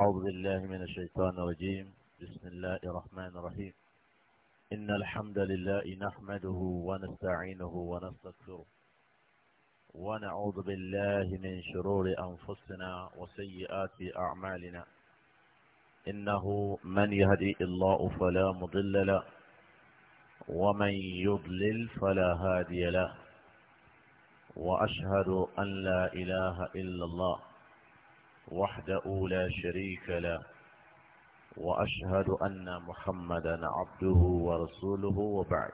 أعوذ بالله من الشيطان الرجيم بسم الله الرحمن الرحيم إن الحمد لله نحمده ونستعينه ونستغفره ونعوذ بالله من شرور أنفسنا وسيئات أعمالنا إنه من يهدي الله فلا مضل له ومن يضلل فلا هادي له وأشهد أن لا إله إلا الله وحده لا شريك له وأشهد أن محمدا عبده ورسوله وبعد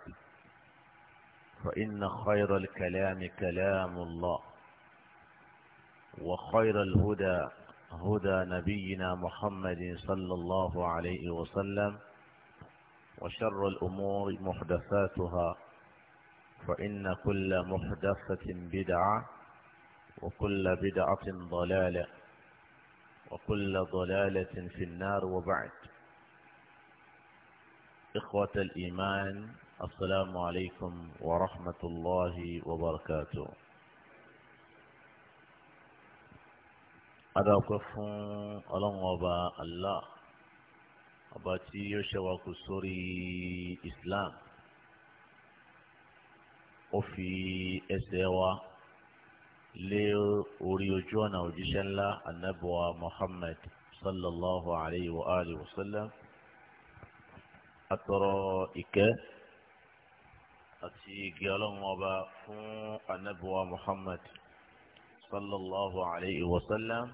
فإن خير الكلام كلام الله وخير الهدى هدى نبينا محمد صلى الله عليه وسلم وشر الأمور محدثاتها فإن كل محدثة بدعة وكل بدعة ضلالة وكل ضلالة في النار وبعد إخوة الإيمان السلام عليكم ورحمة الله وبركاته أدعوكم ألم وبا الله أباتي يشواك سوري إسلام وفي أسيوه lé orí ojú ọ̀nà òjíṣẹ́ ńlá anábọ̀wá Muhammad sallallahu alayhi wa alihi wa sallam atọrọ ìkẹ́ àti igi ọlọ́run ọba fún anábọ̀wá Muhammad sallallahu alayhi wa sallam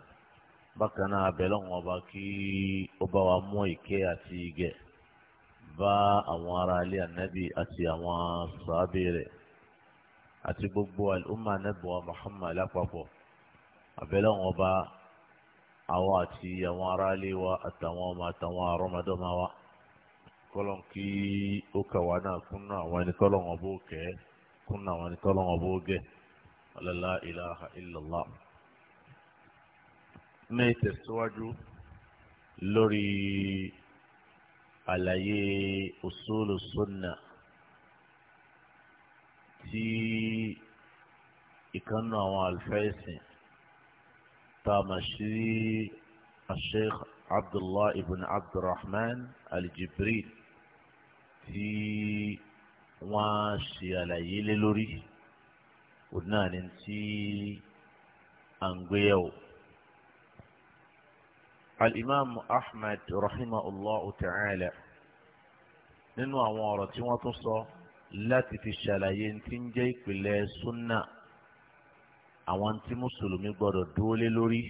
bákan náà abẹ́lẹ́ wọn ọba kí ó bá wa mú ìkẹ́ àti ìgẹ̀ bá àwọn ará ilé àti àwọn sàábì rẹ̀ àti gbogbo al'umma nẹ́bùwà Muhammad lápapọ̀ àbẹ̀lẹ̀ wọn bá àwọn àti àwọn aráalé wa àtàwọn ọmọ àtàwọn àrọ́mọdọ́mọ wa kọ́lọ́n kí ó kàwá náà kúnnà àwọn ẹni kọ́lọ́n wọn bó kẹ́ kúnnà àwọn ẹni kọ́lọ́n wọn bó gẹ̀ la ilaha illallah. ní ìtẹ̀síwájú lórí àlàyé usulu sunnah tí ìkànnà àwọn àlùfẹ́sìn tá a mọ̀ sí asheikh abdullah ibn abdulrahman aljibril tí wọ́n ṣe àlàyé lé lórí òun tí à ń gbéyàwó. الإمام أحمد رحمه الله تعالى من àwọn ọ̀rọ̀ tí wọ́n láti fi ṣàlàyé tí ń jẹ́ ìpìlẹ̀ súnà àwọn tí mùsùlùmí gbọ́dọ̀ dúró lé lórí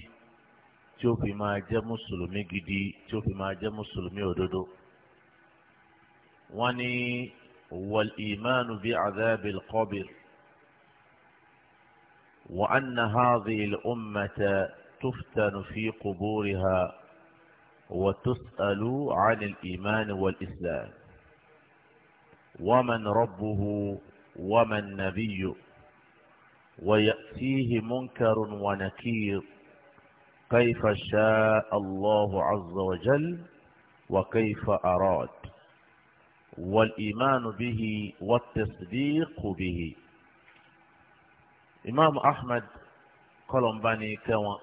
tí ó fi máa jẹ́ mùsùlùmí gidi tí ó fi máa jẹ́ mùsùlùmí òdodo. wọ́n ní wal imanu bi azabil qabr wa anna hadhihi al ummata tuftanu fi quburiha wa tus'alu 'an al iman wal islam. ومن ربه ومن نبيه ويأتيه منكر ونكير كيف شاء الله عز وجل وكيف أراد والإيمان به والتصديق به إمام أحمد قال بني كوان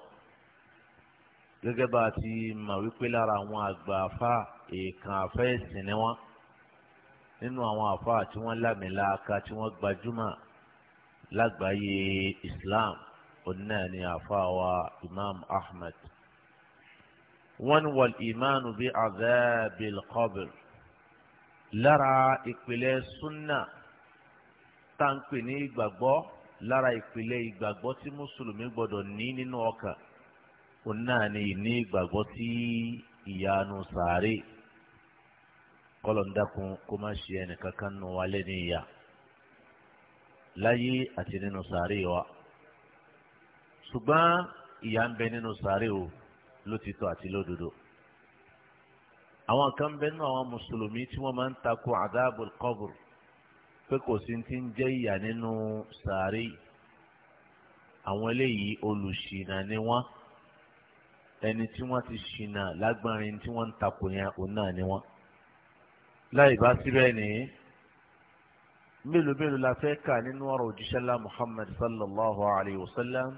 gẹ́gẹ́ bá a ti mọ̀ wípé lára àwọn àgbà èèkàn afẹ́ ìsìn ni wọ́n nínú àwọn àfáà tí wọ́n lámìláaka tí wọ́n gbajúmọ̀ lágbàáyé islam onáà ni àfáà wa imam ahmed wọ́n ní wal imanu bi azabil qabr lára ìpìlẹ̀ sunna táǹpì ní ìgbàgbọ́ lára ìpìlẹ̀ ìgbàgbọ́ tí mùsùlùmí gbọ́dọ̀ ní nínú ọkàn onáà ni ìní ìgbàgbọ́ tí ìyanu sàárè kọ́lọ̀ ń dákun kó má ṣe ẹnìkan kan nù wá lé ní ìyá láyé àti nínú sàárè wa ṣùgbọ́n ìyá ń bẹ nínú sàárè o ló ti tọ́ àti lódodo àwọn kan bẹ nínú àwọn mùsùlùmí tí wọ́n máa ń takò àdáàbòl kọ́bùr pé kò sí ti ń jẹ́ ìyá nínú sàárè àwọn eléyìí olùṣìnà ni wọ́n ẹni tí wọ́n ti ṣìnà lágbárin tí wọ́n ń takò yẹn òun náà ni wọ́n láì bá síbẹ̀ ní mélòó mélòó la fẹ́ kà nínú ọ̀rọ̀ òjíṣẹ́ ńlá Muhammad sallallahu alayhi wa sallam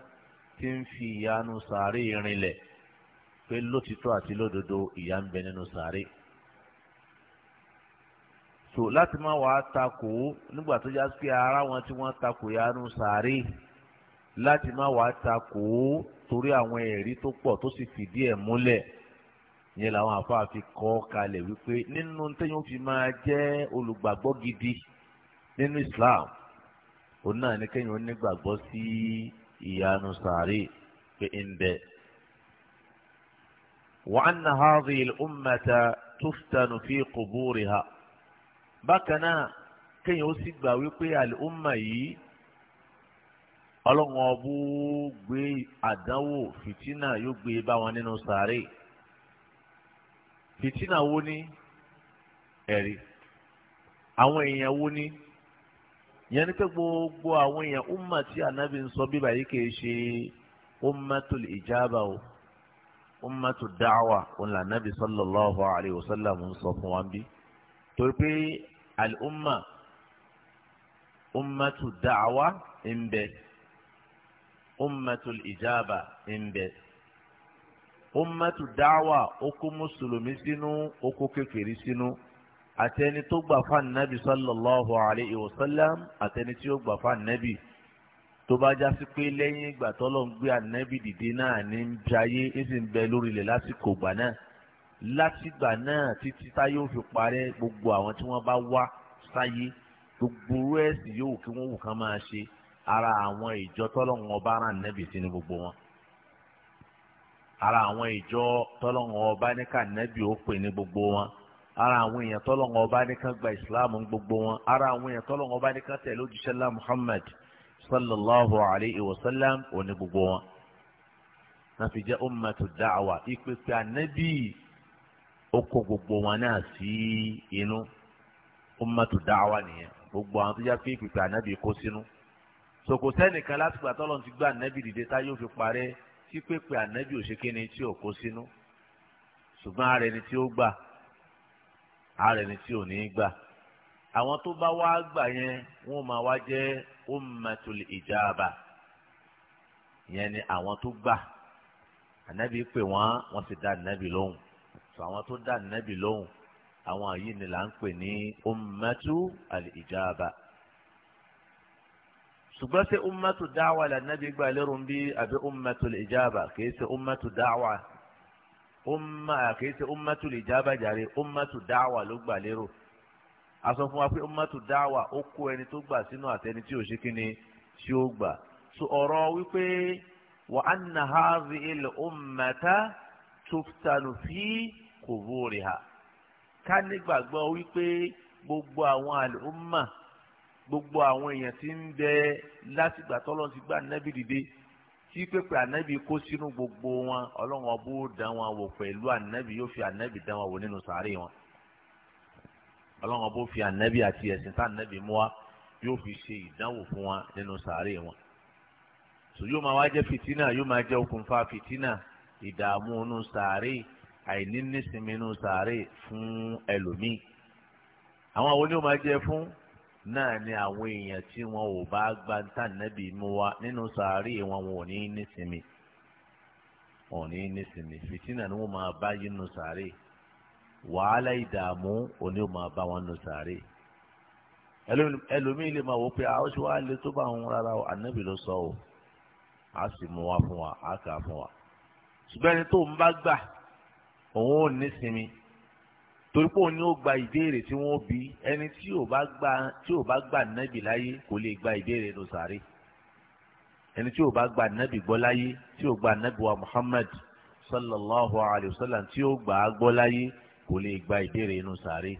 tí ń fi ìyanu sàárè rinlẹ̀ pé lótìtọ́ àti lódodo ìyà ń bẹ nínú sàárè. so láti má wàá takò nígbà tó já sí ara wọn tí wọ́n takò ìyanu sàárè láti má wàá takò torí àwọn ẹ̀rí tó pọ̀ tó sì fìdí ẹ̀ múlẹ̀ ìyẹn làwọn àfáà fi kọ́ kalẹ̀ wípé nínú téèyàn fi máa jẹ́ olùgbàgbọ́ gidi nínú Islam òun náà ní kéèyàn nígbàgbọ́ sí ìyanu sàárè pé ń bẹ. wa anna hadhihi al-ummata tuftanu fi quburiha bákan náà kéèyàn ó sì gbà wípé àlùmọ̀ yìí ọlọ́run ọbú gbé àdánwò fìtínà yóò gbé bá wọn nínú sàárè fìtínà wo ní ẹ̀rí àwọn èèyàn wo ní yẹn ni pé gbogbo àwọn èèyàn umma tí anabi ń sọ bíbá yìí kì í ṣe ummatul ijaba o ummatud da'wa òun là anabi sallallahu alayhi wa sallam ń sọ fún wa bí torí pé al umma ummatud da'wa ń bẹ ummatul ijaba ń bẹ ummatu da'wa ó kó mùsùlùmí sínú ó kó kékeré sínú àtẹni tó gbà fún anabi sallallahu alayhi wa sallam àtẹni tí ó gbà fún anabi tó bá já sí pé lẹ́yìn ìgbà tọ́lọ́ ń gbé anabi dìde náà ní ń jayé ń sì ń bẹ lórí ilẹ̀ lásìkò gbà náà látìgbà náà títí táyé ó parẹ́ gbogbo àwọn tí wọ́n bá wá sáyé gbogbo orú yóò kí wọ́n wù kán máa ṣe ara àwọn ìjọ tọ́lọ́ wọn bá rán anabi sí gbogbo wọn. ara àwọn ìjọ tọ́lọ́wọ́n ọba ní kànábì ó pè ní gbogbo wọn ara àwọn èèyàn tọ́lọ́wọ́n ọba ní kan gba islam gbogbo wọn ara àwọn èèyàn tọ́lọ́wọ́n ọba ní kan tẹ̀lé ojúṣẹ́lá muhammad sallallahu alayhi wa sallam òní gbogbo wọn. náà fi jẹ́ ummatu da'wa ìpèpè anabi ó kó gbogbo wọn náà sí inú ummatu da'wa nìyẹn gbogbo àwọn tó yá pé ìpèpè ànábì kó sínú. sòkòtẹ́nìkan láti gbà tọ́lọ́ ti gbà ànábì dìde tá yóò fi parẹ́ tí pépè ànábì ò ṣe kíni tí ò kó sínú ṣùgbọ́n ara ẹni tí ó gbà ara ẹni tí ò ní gbà àwọn tó bá wá gbà yẹn wọ́n máa wá jẹ́ ummatul ijaba yẹn ni àwọn tó gbà ànábì pè wọ́n wọ́n sì dá ànábì lóhùn sọ àwọn tó dá ànábì lóhùn àwọn yìí ni là ń pè ní ummatu al ṣùgbọ́n ṣé ummatu dáwà lànàbí gbà lérò ń bí àbí ummatu ìjábà kìí ṣe ummatu dáwà umma kìí ṣe ummatu ìjábà jàre ummatu dáwà ló gbà lérò a sọ fún wa pé ummatu dáwà ó kó ẹni tó gbà sínú àtẹni tí ò ṣe kí ni tí ó gbà so ọ̀rọ̀ wípé wa anna hadhihi al-ummata tuftanu fi quburiha ká nígbàgbọ́ wípé gbogbo àwọn àlùmọ́ gbogbo àwọn èèyàn tí ń bẹ látìgbà tọ́lọ́run ti gbà ànábì dìde tí pépè ànábì kó sínú gbogbo wọn ọlọ́run ọbú dán wọn wò pẹ̀lú ànábì yóò fi ànábì dán wọn wò nínú sàárè wọn ọlọ́run ọbú fi ànábì àti ẹ̀sìn tá ànábì mú wa yóò fi ṣe ìdánwò fún wa nínú sàárè wọn so yóò máa wá jẹ́ fìtínà yóò máa jẹ́ okùnfà fìtínà ìdààmú inú sàárè àìní nísìmí inú sàárè fún ẹlòmíì àwọn àwọn oníwọ̀n náà ni àwọn èèyàn tí wọn ò bá gba ntànẹ́bì mú wa nínú sàárì wọn wọn ò ní nísinmi wọn ò ní nísinmi fìtínà ni wọn máa bá yín nù sàárì wàhálà ìdààmú òní ò máa bá wọn nù sàárì ẹlòmíì lè máa wò pé àwọn ṣe wá lè tó bá wọn rárá o ànábì ló sọ o a sì mú wa fún wa a kà fún wa ṣùgbọ́n ẹni tó ń bá gbà òun ò nísinmi torí pé òun ni ó gba ìbéèrè tí wọ́n bí ẹni tí ò bá gba tí ò bá gba nábì láyé kò lè gba ìbéèrè nù sàárè ẹni tí ò bá gba nábì gbọ́ láyé tí ò gba nábì wa Muhammad sallallahu alayhi wa sallam tí ó gbà á gbọ́ láyé kò lè gba ìbéèrè nù sàárè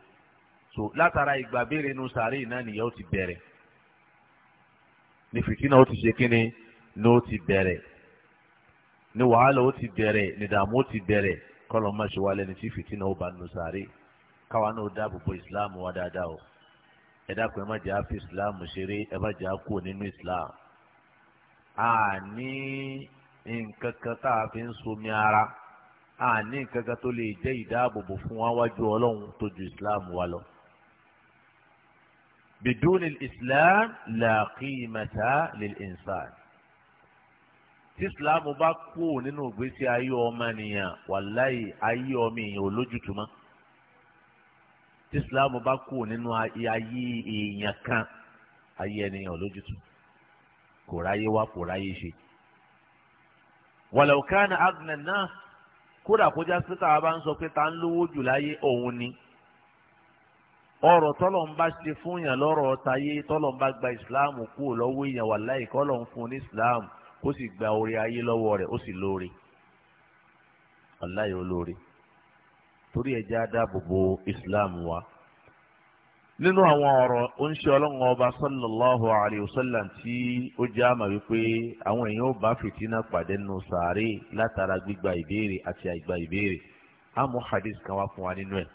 so látara ìgbà béèrè nù náà nìyẹn ó ti bẹ̀rẹ̀ ní fìtínà ó ti ṣe kíni ní ó ti bẹ̀rẹ̀ ní wàhálà ó ti bẹ̀rẹ̀ ní ó ti bẹ̀rẹ̀ kọlọ́mọṣẹ́wálẹ́ni tí fìtínà ó bá nù sàárè káwa náà dáàbò bo islam wa dáadáa o ẹ dákun ẹ má jẹ́ àfi islam ṣeré ẹ má jẹ́ àkó nínú islam a ní nǹkan kan tá a fi ń somi ara a ní nǹkan kan tó lè jẹ́ ìdáàbòbò fún wa wájú ọlọ́run tó ju islam wa lọ. بدون الإسلام لا قيمة للإنسان tísìlámù bá kú nínú ìgbésí ayé ọmọ nìyàn wàláyé tí islam bá kú nínú ayé èèyàn kan ayé eniyan lójútu kò ráyé wá kò ráyé ṣe. walau kana agnẹ náà kódà kó já sí tá bá ń sọ pé ta ń lówó jù láyé òun ni ọ̀rọ̀ tọlọmba ń bá ṣe fún yàn lọ́rọ̀ gba islam kú lọwọ èèyàn wàláhì kọ́lọ̀ ń fún ní islam kó sì gba orí ayé lọwọ rẹ ó sì lóore wàláhì ó torí ẹ̀jẹ̀ adáàbòbò islam wa. nínú àwọn ọ̀rọ̀ oníṣẹ́ ọlọ́run ọba sallallahu alayhi wa sallam tí ó jẹ́ àmà wípé àwọn èèyàn ò bá fìtínà pàdé nù sàárè látara gbígba ìbéèrè àti àìgba ìbéèrè àmọ́ hadith kan wá fún wa nínú ẹ̀.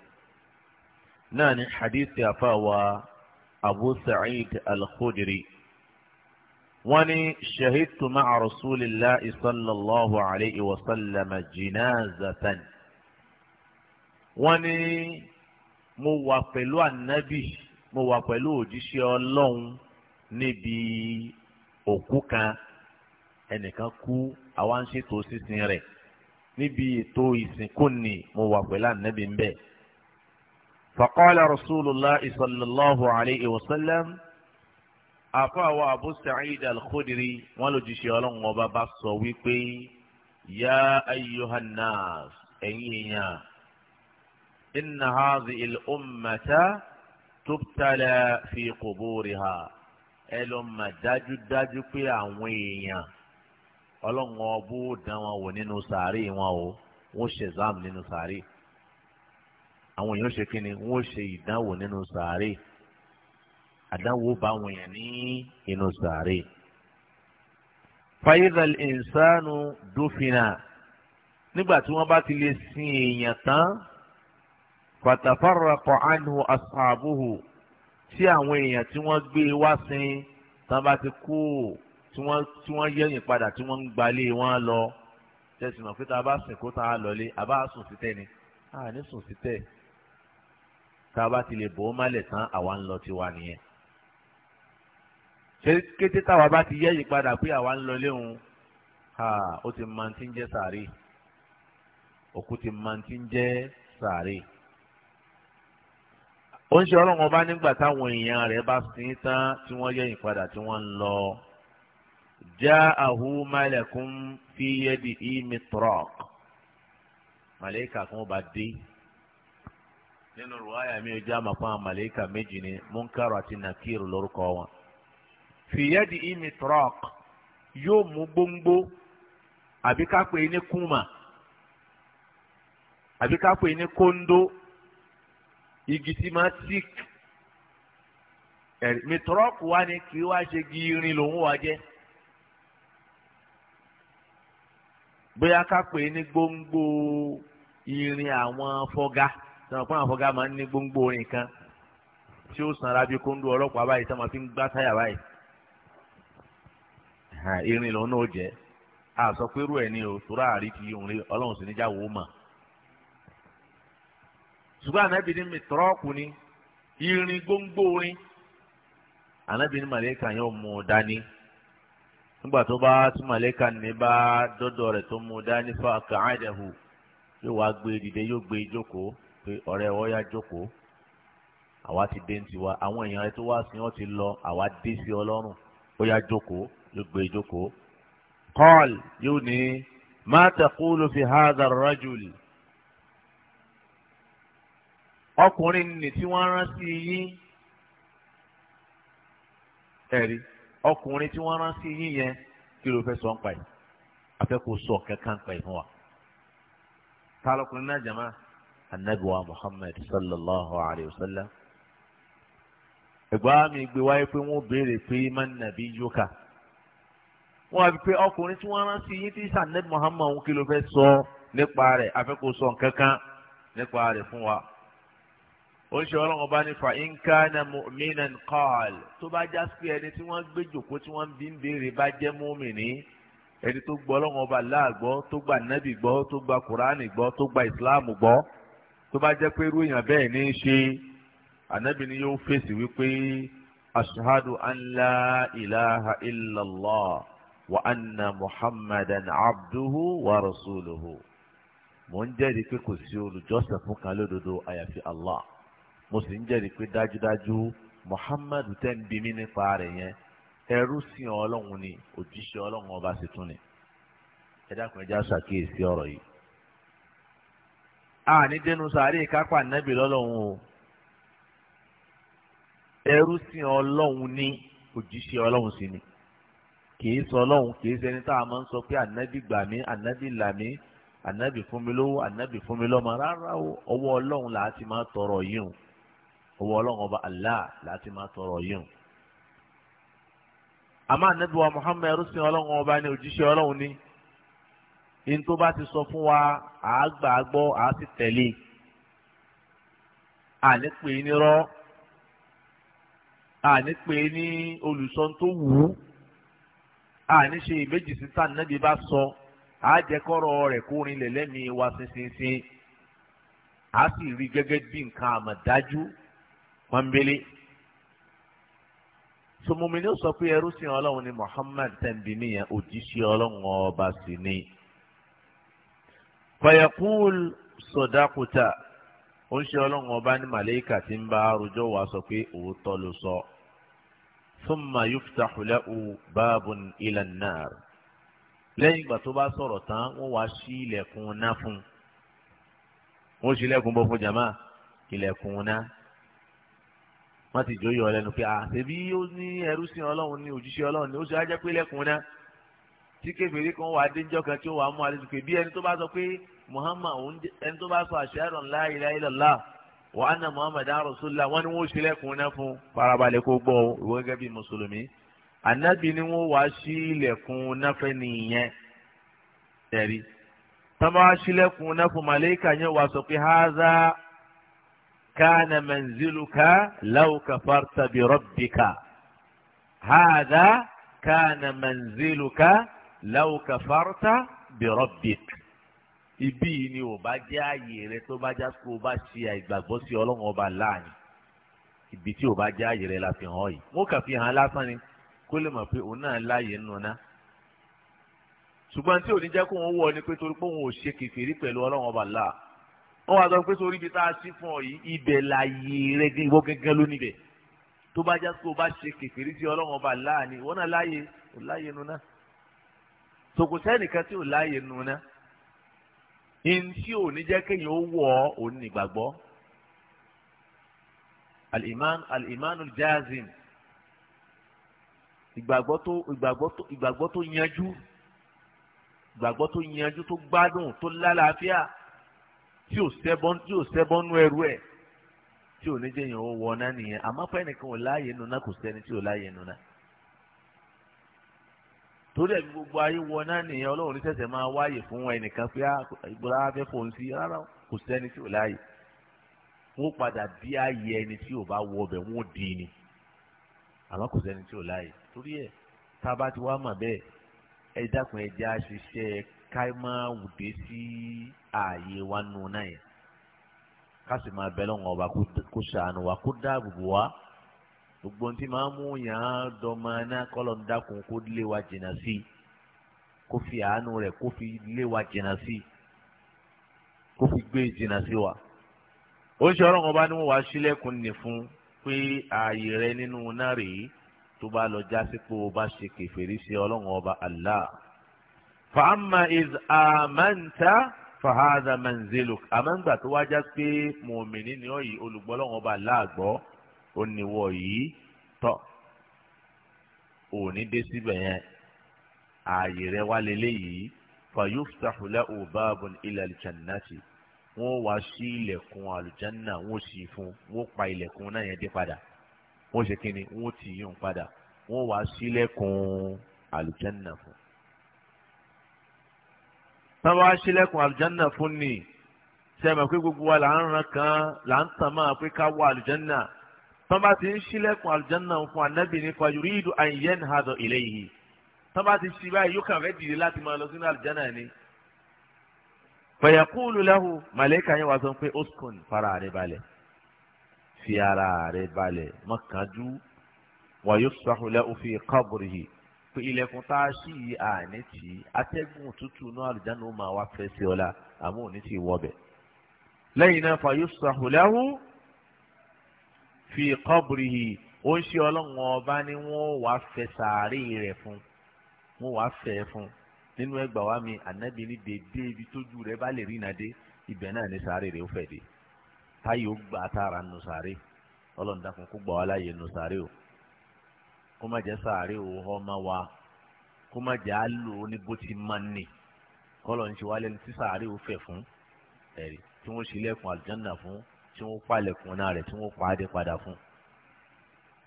náà ni hadith ti wa abu sa'id al-khudri. وني شهدت مع رسول الله صلى الله عليه وسلم جنازة wọ́n ní mo wà pẹ̀lú ànábì mo wà pẹ̀lú òjíṣẹ́ ọlọ́run níbi òkú kan ẹnìkan kú àwa ń ṣètò sísin rẹ̀ níbi ètò ìsìnkú ni mo wà pẹ̀lú ànábì ń bẹ. فقال رسول الله صلى الله عليه وسلم أفاوى أبو سعيد الخدري ولجيش يولون وبابا يا أيها الناس أيها إن هذه الأمة تبتلى في قبورها. الأمة ẹ lọ في dájúdájú pé àwọn èèyàn ọlọ́run ọbú dán wọn wò nínú sàárè wọn o wọ́n ṣe exam nínú sàárè àwọn èèyàn ṣe kíni wọ́n ṣe ìdánwò nínú sàárè àdánwò bá àwọn èèyàn ní inú sàárè. fayidal insanu dúfinà nígbà tí wọ́n bá ti lè sin èèyàn tán fatafarraqa anhu ashabuhu tí àwọn èèyàn tí wọ́n gbé wá sin tán bá ti kú tí wọ́n tí wọ́n yẹ̀yìn padà tí wọ́n ń gbalé wọn lọ tẹ̀sí mọ̀ pé tá bá sìn kó lọlé a sùn sí tẹ́ ni a ní sùn sí tẹ́ tá a bá ti lè bò ó málẹ̀ tán àwa ń lọ tiwa nìyẹn. ṣé kété táwa bá ti yẹ̀yìn padà pé àwa ń lọlé òun ó ti máa ti ń jẹ́ sàárè òkú ti máa ti ń jẹ́ sàárè ó ń ṣe ọlọ́run ọba nígbà táwọn èèyàn rẹ̀ bá sin tán tí wọ́n yẹ̀yìn padà tí wọ́n ń lọ. ja'ahu malakun fi yadihi mitrak màlẹ́kà kan bá dé nínú ruwaya mi ò já ma fún àwọn màlẹ́kà méjì ni munkaro àti nakiru lórúkọ wọn. fi yadihi mitrak yóò mú gbóngbó àbí ká pè é ní kúmà àbí ká pè é ní kóńdó. igi tí máa tík ẹ̀rí mìtọ́rọ́pù wa ni kì wá ṣe igi irin lòún wá jẹ́ bóyá ká pè é ní gbóngbó irin àwọn fọ́gá sọ̀rọ̀ pé àwọn fọ́gá máa ń ní gbóngbó irin kan tí ó sanra bí kóńdó ọlọ́pàá báyìí tó máa fi ń gbá táyà báyìí irin lòún náà jẹ́ àsọpẹ́rù ẹ̀ ní o tó ráàrí kì í òun rí ọlọ́run sì níjà wò ó mọ̀. ṣùgbọ́n ànábì ní mìtírọ́ọ̀kù ni irin gbóngbó orin ànábì ní màlẹ́kà yóò mú un dání nígbà tó bá tí màlẹ́kà ní bá dọ́dọ̀ rẹ̀ tó mú un dání fún yóò wá gbé e dìde yóò gbé e jókòó pé ọ̀rẹ́ ọ yá jókòó àwa ti dé tiwa àwọn èèyàn rẹ tó wá sí ti lọ àwa dé sí ọlọ́run ó yá jókòó yóò gbé e jókòó kọ́ọ̀l yóò ní fi ọkùnrin ni tí wọ́n rán sí yín ẹ̀rí ọkùnrin tí wọ́n rán sí yín sọ kankan pa yìí fún wa. ta lọkùnrin muhammad sallallahu alayhi wa sallam ẹgbàá mi gbé wáyé pé wọ́n béèrè pé man nàbí fi pé ọkùnrin tí wọ́n rán sí yín tí sànẹ́bí muhammad kí ló sọ kankan nípa fún wa. ó ṣe ọlọ́run bá ní fa nkánà mu'minan qal tó bá já sí ẹni tí wọ́n gbé jòkó tí wọ́n bí ń béèrè bá jẹ́ mùmìnì ẹni tó gbọ́ ọlọ́run ọba láàgbọ́ tó gba nábì gbọ́ tó gba kùránì gbọ́ tó gba ìsìláàmù gbọ́ tó bá jẹ́ pé irú èèyàn bẹ́ẹ̀ ní í ṣe ànábì ni yóò fèsì wípé ashhadu an ilaha illallah wa anna muhammadan abduhu wa rasuluhu mo ń jẹ́rìí pé kò sí olùjọ́sìn fún kan lódodo àyàfi allah mo sì ń jẹ́rìí pé dájúdájú muhammadu tẹ́ ń bi mí nípa rẹ̀ yẹn ẹrú sìn ọlọ́run ni òjíṣẹ́ ọlọ́run ọba sì tún ni ẹ dákun ẹ já ṣàkíyèsí ọ̀rọ̀ yìí. a ní dénú sáré kápá nẹ́bì lọ́lọ́run o ẹrú sìn ọlọ́run ni òjíṣẹ́ ọlọ́run sì ni kìí sọ ọlọ́run kìí ṣẹni tá a máa ń sọ pé ànábì gbà mí ànábì là mí ànábì fún mi lówó ànábì fún mi lọ́mọ rárá o ọwọ́ ọlọ́run là á ti máa tọrọ yìí o owó ọlọ́run ọba allah láti máa tọrọ yìí àmọ́ anabiwa muhammed rúṣin ọlọ́run ọba ni òjíṣẹ́ ọlọ́run ni tó bá ti sọ fún wa àá agbọ a gbọ́ àá sì tẹ̀lé àní rọ nírọ́ àní ní olùsọ tó wù ú àní ṣe ìbejì bá sọ kó wa ṣinṣinṣin sì rí bí nǹkan pọ́nbélé sọmọmìnì sọ pé ẹrú sí ọlọ́run ní Muhammad tẹ̀m̀bì nìyẹn òjíṣẹ́ ọlọ́run ọba sì ni fayakul sọdákùtà ó ń ṣe ọlọ́run ọba ní màlẹ́kà tí ń bá arúgbó wa sọ pé òótọ́ ló sọ thumma yuftahu lahu babun ilan lẹ́yìn ìgbà tó bá sọ̀rọ̀ tán wọ́n wá sí ilẹ̀kùn náà fún un wọ́n ṣílẹ̀kùn bọ́ fún jama ilẹ̀kùn náà wọ́n ti jòyè ọlẹ́nu pé àṣebí ó ní ẹrú sí ọlọ́run ní òjíṣẹ́ ọlọ́run ní ó ṣe ajẹ́ pé lẹ́kùn náà tí kébèrè kan wà déńjọ́ kan tí ó wà á mú àlejò pé bí ẹni tó bá sọ pé Muhammad ẹni tó bá sọ àṣẹ́rọ̀ ńlá ilá ilẹ̀ ńlá wà á na Muhammad arọ̀sọ́lá wọ́n ní wọ́n ṣe lẹ́kùn náà fún farabalẹ̀ kó gbọ́ ìwọ gẹ́gẹ́ bí mùsùlùmí ànábì ni wọ́n wá sí ilẹ̀kùn náà كان منزلك لو كفرت بربك هذا كان منزلك لو كفرت بربك ibi ni o bá jẹ́ ààyè rẹ tó bá já kó o bá ṣe àìgbàgbọ́ sí ọlọ́run ọba láàyè ibi tí o bá jẹ́ ààyè rẹ la fi hàn yìí wọ́n kà fi hàn lásán ni kó lè mọ̀ pé òun náà láàyè nù ná ṣùgbọ́n tí ò ní jẹ́ kó wọ́n wọ̀ ni pé torí pé òun ò ṣe kèfèrí pẹ̀lú ọlọ́run ọba láà ó wàá sọ pé sórí ibi tá a sí fún ọ yìí ibẹ̀ láàyè rẹ ìwọ gẹ́gẹ́ ló níbẹ̀ tó bá já sí o bá ṣe kèfèrí sí ọlọ́run ọba láàánì ìwọ náà láàyè ò láàyè nu náà sòkò sẹ́nìkan tí ò láàyè nu náà ihun tí ò ní jẹ́ kéèyàn ó wọ̀ ọ́ òun nígbàgbọ́ al-iman jazim ìgbàgbọ́ tó ìgbàgbọ́ tó ìgbàgbọ́ tó yanjú ìgbàgbọ́ tó yanjú tó gbádùn tó lálàáfíà tí ò sẹ́bọ́n tí ò sẹ́bọ́n nú ẹrú ẹ̀ tí ò ní jẹ́ yẹn ó wọ ọ́nà nìyẹn àmọ́ fẹ́ nìkan ò láàyè nùnà kò sẹ́ni tí ò láàyè nùnà. torí ẹ̀mí gbogbo ayé wọ ọ́nà nìyẹn ọlọ́run sẹ̀sẹ̀ máa wáyè fún ẹnìkan pé ah, ìgbọ́lá fẹ́ fòun sí rárá kò sẹ́ni tí ò láàyè. wọ́n padà bí ayé ẹni tí ò bá wọ ọbẹ̀ wọ́n dì í ni àmọ́ kò sẹ́ni tí ò láàyè torí ẹ̀ tá ti wá mà bẹ́ẹ̀ ẹ dákun ẹ já ṣiṣẹ́ ká máa sí ààyè wa nù náà yẹn ká sì máa bẹ lọ́wọ́ ọba kó ṣàánú wa kó dáàbò bò wá gbogbo ntí máa mú yàn án dọ́mọ náà kọ́lọ̀ ń dákun kó lé wa jìnnà sí i kó fi àánú rẹ̀ kó fi lé wa jìnnà sí i kó fi gbé jìnnà sí wa. ó ọ̀rọ̀ ọba ni wọ́n wá sílẹ̀kùn nì fún pé ààyè rẹ nínú náà rèé tó bá lọ jásí pé o bá ṣe kèfèrí sí ọlọ́run ọba Allah. fàámà is àmàǹtà fahadha manziluk àmọ́ ńgbà tó wájá pé mùmíní ni ọ́ yìí olùgbọ́lọ́wọ́n ọba láàgbọ́ oníwọ̀ yìí tọ́ òní dé síbẹ̀ yẹn ààyè rẹ wá lélẹ́yìí fayuftahu lahu babun ila aljannati wọ́n wá sí ilẹ̀kùn àlùjánná wọ́n sì fún wọ́n pa ilẹ̀kùn náà yẹn dé padà wọ́n ṣe kí wọ́n ti yún padà wọ́n wá sílẹ̀kùn àlùjánná fún tán wá ṣílẹ̀kùn àlùjánà fún ni ṣe mọ̀ pé gbogbo wa là ń ran kan là ń tàn máa pé ká wọ àlùjánà tán bá ti ń ṣílẹ̀kùn àlùjánà fún anábì ní fa yuridu an yanhada ilayhi tán bá ti ṣí báyìí yóò kàn fẹ́ dìde láti máa lọ sínú àlùjánà ni. fayaqulu lahu màlẹ́kà yẹn wà sọ pé uskun fara rẹ̀ balẹ̀ fi ara rẹ̀ balẹ̀ mọ̀kàndú wàyó sọ̀hùlẹ̀ òfin qabrihi pé ilẹ̀kùn tá a ṣí yìí àní tì í atẹ́gùn tútù náà àlùjáná ó máa wá fẹ́ sí ọlá àmọ́ òní ti wọ́ bẹ̀. lẹ́yìn náà fàyó sàhùláhù fi qabrihi ó ń ṣe ọlọ́run ọba ni wọ́n wá fẹ́ sàárè rẹ̀ fún wọ́n wá fẹ́ fún nínú ẹgbà wa mi ànábi ní dédé ibi tójú rẹ̀ bá lè rí iná ibẹ̀ náà ní sàárè rẹ̀ ó fẹ́ dé táyì ó gbà tára nù sàárè ọlọ́run dákun kó gbà wá láàyè nù sàárè o kó má jẹ́ sàárè òhọ́ má wa kó má jẹ́ àlò ní bó ti má nì kọ́lọ̀ ń ṣe wálé ní tí sàárè ò fẹ̀ fún ẹ̀rí tí wọ́n ṣílẹ̀kùn àlùjánnà fún tí wọ́n palẹ̀kùn náà rẹ̀ tí wọ́n pàdé padà fún.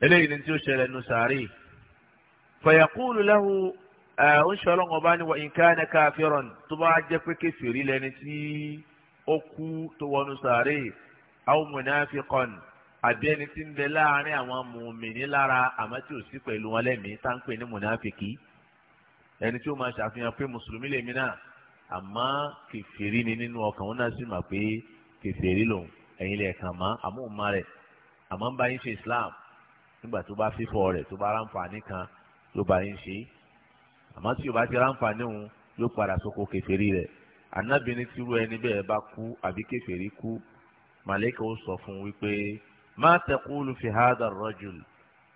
eléyìí ni tí ó ṣẹlẹ̀ nù sàárè fàyàkúlù lahu ó ń ṣe ọba ní wa in kana kafiran tó bá jẹ́ pé kèfèrí lẹni tí ó kú tó wọnú sàárè aw munafiqan àbí ẹni tí ń bẹ láàrin àwọn mùmìnì lára àmọ́ tí ò sí pẹ̀lú wọn lẹ́mìí tá ń pè ní mùnàfìkì ẹni tí ó máa ṣàfihàn pé mùsùlùmí lèmi náà àmọ́ kèfèrí ni nínú ọkàn òun náà sì mà pé kèfèrí lòun ẹ̀yin lè kàn mọ́ àmúhùnmá rẹ̀ àmọ́ ń bá yín ṣe Islam nígbà tó bá fífọ́ rẹ̀ tó bá ráǹfààní kan ló bá yín ṣe àmọ́ tí o bá ti ráǹfààní òun yóò padà sóko kèfèrí rẹ̀ anábìnrin tírú ẹni bẹ́ẹ̀ bá kú àbí kèfèrí kú màlẹ́kà ó sọ fún wípé ma taqulu fi hadha ar-rajul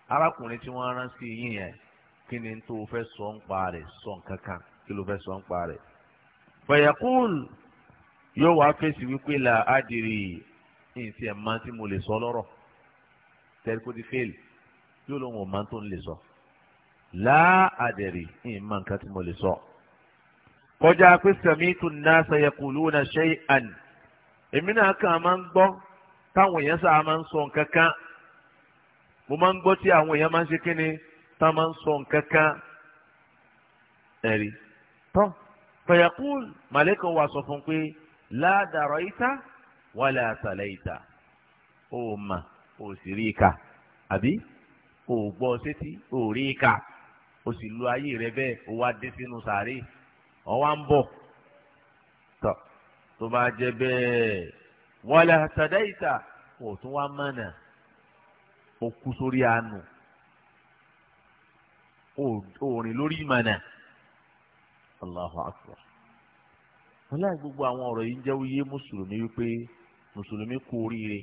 arákùnrin tí wọ́n rán sí yín yẹn kí ni tó o fẹ́ sọ ń pa rẹ̀ sọ nǹkankan kí ló fẹ́ sọ ń pa rẹ̀. fa yaqul yóò wá fèsì wípé la adìrì ìsì ẹ̀ máa tí mo lè sọ lọ́rọ̀ tẹ́lẹ̀ kó ti fèèlì yóò lóun ò máa tó ń lè sọ. la adìrì ìyìn máa nǹkan tí mo lè sọ. kọjá pé sami'tu an-nasa yaquluna shay'an èmi náà kàn máa ń gbọ́ táwọn èèyàn sáà máa ń sọ nǹkan kan mo máa ń gbọ́ tí àwọn èèyàn máa ń ṣe kíni tá a máa ń sọ nǹkan kan ẹ̀rí tán fẹ̀yàkùn màlẹ́kọ̀ wà sọ fún pé ládàrọ̀ ìta wàlẹ̀ àtàlẹ̀ ìta ó mà ó sì rí ìka àbí ó gbọ́ sétí ó rí ìka ó sì lu ayé rẹ bẹ́ẹ̀ ó wá dé sínú sàárè ó wá ń bọ̀ tó bá jẹ́ bẹ́ẹ̀. wọlé tẹ̀dẹ́yìtà wọ́n tún wá mọ̀nà òkú sórí àánú òòrìn lórí ìmọ̀nà Allahu akbar gbogbo àwọn ọ̀rọ̀ yìí ń jẹ́ oyé mùsùlùmí wípé mùsùlùmí kú oríire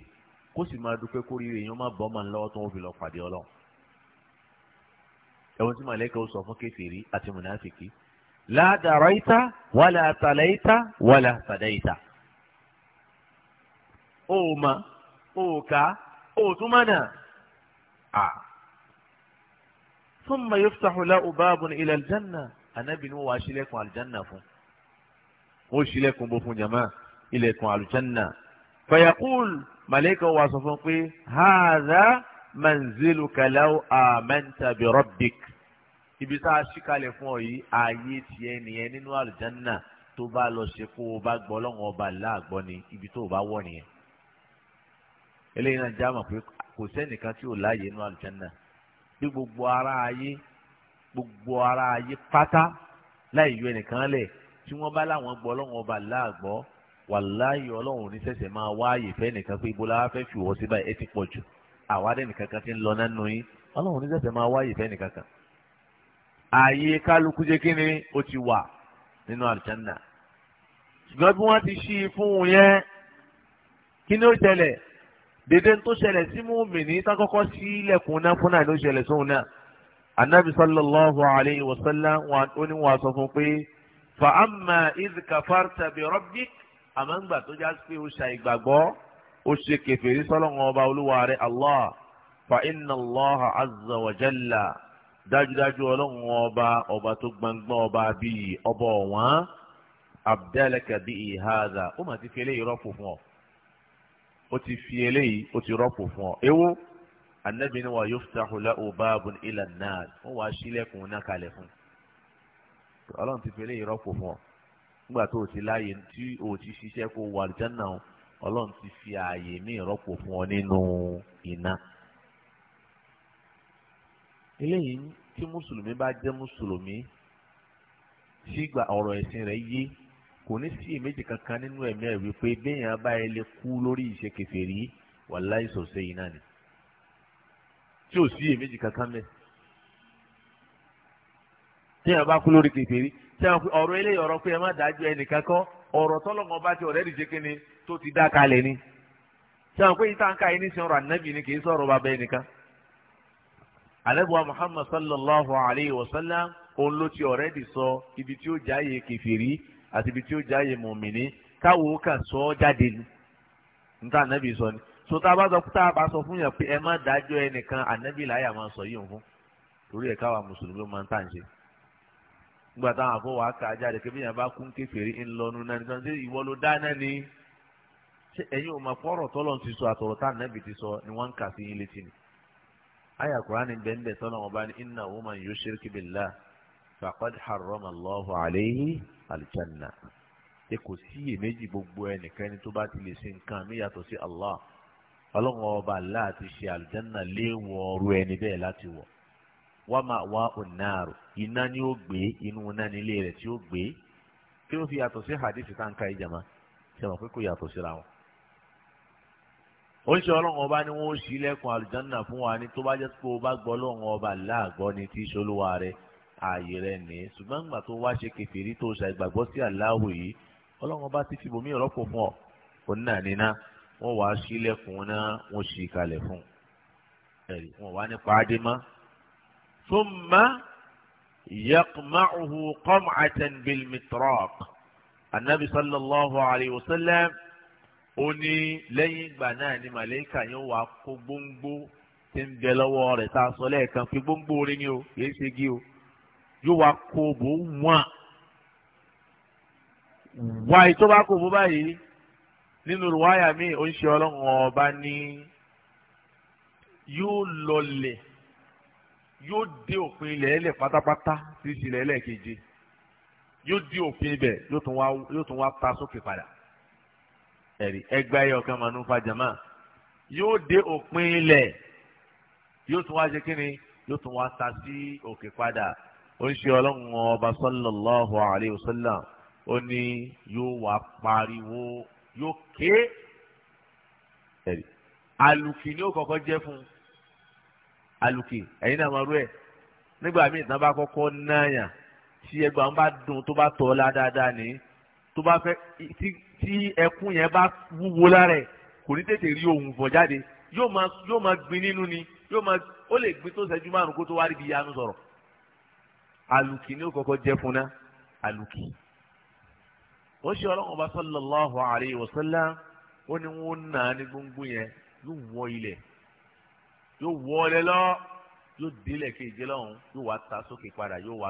kó sì máa dúpẹ́ kó oríire yẹn má bọ́ ọmọ tó fi lọ pàdé ọlọ́run ẹ̀wọ̀n tí màlẹ́kà ó sọ fún kèfèrí àti mùnàfìkì la daraita wala talaita wala o mà o kà o tún mọ̀nà. ثم يفتح له باب إلى الجنة Ànábì ní wọ́n wá ṣílẹ̀kùn àlùjánà fún wọ́n ṣílẹ̀kùn bó fún jama ilẹ̀kùn àlùjánà. fayakul malayika wa sọ fún pé haza manzilu kalau amanta bi rabbik ibi tá a ṣí kalẹ̀ fún ọ yìí ààyè tiẹ̀ nìyẹn nínú àlùjánà tó bá lọ ṣe kó o ibi tó o bá wọ̀ eléyìí náà já mọ̀ pé kò sẹ́nìkan tí ò láàyè inú àlùjánnà bí gbogbo ara ayé gbogbo ara ayé pátá láì yọ ẹnìkan lẹ̀ tí wọ́n bá láwọn gbọ́ ọlọ́run ọba láàgbọ́ wàláyé ọlọ́run ò ní sẹ̀sẹ̀ máa wáàyè fẹ́ nìkan pé ibola fẹ́ fi wọ́ síbà ẹ ti pọ̀ jù àwádẹ́ nìkan kan ti ń lọ nánú yín ọlọ́run ní sẹ̀sẹ̀ máa wáàyè fẹ́ nìkan kan. ààyè kálukú jẹ́ kí ni ó ti wà nínú àlùjánnà ṣùgbọ́n bí wọ́n ti ṣí i fún un yẹn kí ni ó tẹ̀lẹ̀ dédé tó ṣẹlẹ̀ sí mùmíní tákọ́kọ́ sí ilẹ̀kùn náà fún náà ló ṣẹlẹ̀ sóhun náà anabi sallallahu alayhi wa sallam ó ní wàá sọ fún pé fa amma idh kafarta bi rabbik àmọ́ ńgbà tó já sí o ṣàìgbàgbọ́ o ṣe kẹfẹ́rí sọ́lọ́ngàn ọba olúwa rẹ̀ allah fa inna allah azza wa jalla dájúdájú ọlọ́run ọba ọba tó gbangban ọba bíi ọba ọ̀wọ́n abdalaka bíi hadha ó mà ti fi eléyìí rọ́pò fún ọ ó ti fi eléyìí ó ti rọ́pò fún ọ ewo anabi ni wa yuftahu lahu babun ila an-nar wọn wàá ṣílẹ̀kùn náà kalẹ̀ fún Ọlọ́run ti fi eléyìí rọ́pò fún ọ nígbà tó o ti láàyè tí o ti ṣiṣẹ́ kó wà jẹnà Ọlọ́run ti fi ààyè míì rọ́pò fún ọ nínú iná eléyìí tí mùsùlùmí bá jẹ́ mùsùlùmí sígbà ọ̀rọ̀ ẹ̀sìn rẹ̀ yé kò ní sí èméjì kankan nínú ẹ̀mí ẹ̀ wípé béèyàn bá ẹ lè kú lórí ìṣe kèfèrí wàláhì sọ̀sẹ̀ yìí náà ni tí ò sí èméjì kankan mẹ́ téèyàn bá kú lórí kèfèrí téèyàn ọ̀rọ̀ eléyìí ọ̀rọ̀ pé ẹ má dájú ẹnìkan kan ọ̀rọ̀ tọ́lọ́mọ bá ti ọ̀rẹ́ ìdíje kínní tó ti dá kalẹ̀ ni téèyàn pé ìta nǹka yìí ní sọ̀rọ̀ ànábì ni kì í sọ̀rọ̀ bàbá ẹnìkan alẹ́bùwà Muhammad sallallahu alayhi wa sallam òun ló ti ọ̀rẹ́ dì sọ ibi tí ó jáyé kèfèrí àti ibi tí ó jáyè mùmíní káwo kàn sọ ọ́ jáde ni nta ànábì sọ ni so tá a bá sọ tá a bá sọ fún yàn pé ẹ má dájọ́ ẹnìkan ànábì láyà máa sọ yìí fún torí ẹ̀ káwa mùsùlùmí máa ń tà ń ṣe nígbà táwọn àfọwọ́ àkà ajáde kébí yàn bá kún kékeré ńlọnu náà nígbà tí ìwọ ló dáná ni ṣé ẹ̀yin ò máa fọ́rọ̀ tọ́lọ̀ ti sọ àtọ̀rọ̀ tá ti sọ ni wọ́n ń kà sí yín létí ni àyà kúránì bẹ́ẹ̀ tọ́lọ̀ wọn bá ní àlùjánnà ẹ kò sí iyèméjì gbogbo ẹnikẹ́ni tó bá ti lè ṣe nǹkan mi yàtọ̀ sí Allah ọlọ́run ọba Allah ti ṣe àlùjánnà léèwọ̀ ọ̀rọ̀ ẹni bẹ́ẹ̀ láti wọ̀ wá máa wá ònàrò iná ni ó gbé inú iná nílé rẹ̀ tí ó gbé kí ló fi yàtọ̀ sí hadith táǹkà ìjàmá ṣe mọ̀ pé kò yàtọ̀ síra wọn ó ọlọ́run ọba ni wọ́n ó ṣílẹ̀kùn àlùjánnà fún wa ní tó bá jẹ́ pé o bá gbọ́ ọlọ́run ọba láàgbọ́ ni tí í ààyè rẹ nìyẹn ṣùgbọ́n nígbà tó wá ṣe kèfèrí tó ṣàìgbàgbọ́ sí aláwò yìí ọlọ́run bá ti fi bòmí ọ̀rọ̀pọ̀ fún ọ òun náà níná wọ́n wàá sílẹ̀kùn náà wọ́n ṣì kalẹ̀ fún ẹ̀rí wọ́n wàá nípa adé mọ́. thumma yaqma'uhu qam'atan bil mitraq anabi sallallahu alayhi wa sallam ó lẹ́yìn ìgbà náà ni màlẹ́kà yẹn wàá kó gbóngbó tí ń bẹ lọ́wọ́ rẹ̀ tá a sọ lẹ́ẹ̀kan pé gbóngbó orin ni o kì í ṣe gí o yóò wá kó bò wọ́n wá ètò bá kó bó báyìí nínú rúwáyà mi ò ń ṣe ọlọ́run ọba ní yóò lọlẹ̀ yóò dé òpin ilẹ̀ ẹlẹ̀ pátápátá sí ìsìlẹ̀ ẹlẹ́ẹ̀keje yóò dé òpin ibẹ̀ yóò tún wá ta sókè padà ẹ̀rí ẹgbẹ́ ayé ọ̀kan mọ̀nú fàjàmá yóò dé òpin ilẹ̀ yóò tún wá ṣe kí yóò tún wá ta sí òkè padà ó ń ṣe ọlọ́run ọba sallallahu alayhi wa sallam ó ní yóò wá pariwo yóò ké alùkì ni ó kọ́kọ́ jẹ́ fún un alùkì ẹ̀yin náà máa rú ẹ̀ nígbà míì tí wọ́n bá kọ́kọ́ náàyà tí ẹgbà ń bá dùn tó bá tọ̀ ọ́ la dáadáa ní tó bá fẹ́ tí ẹkún yẹn bá wúwo lára ẹ̀ kò ní tètè rí ohun fọ̀ jáde yóò máa gbin nínú ni yóò máa ó lè gbin tó ṣẹ́jú márùn kó tó wá rí ibi yanu sọ̀rọ̀ aluki ni ó kọ́kọ́ jẹ́ fún náà àlùkì. ó ṣe ọba sallallahu alayhi wa sallam ó ní wọ́n nà á ní gbóngbóng yẹn yóò wọ ilẹ̀ yóò wọ lọ yóò délẹ̀ kéje wa yóò wá ta sókè padà yóò wá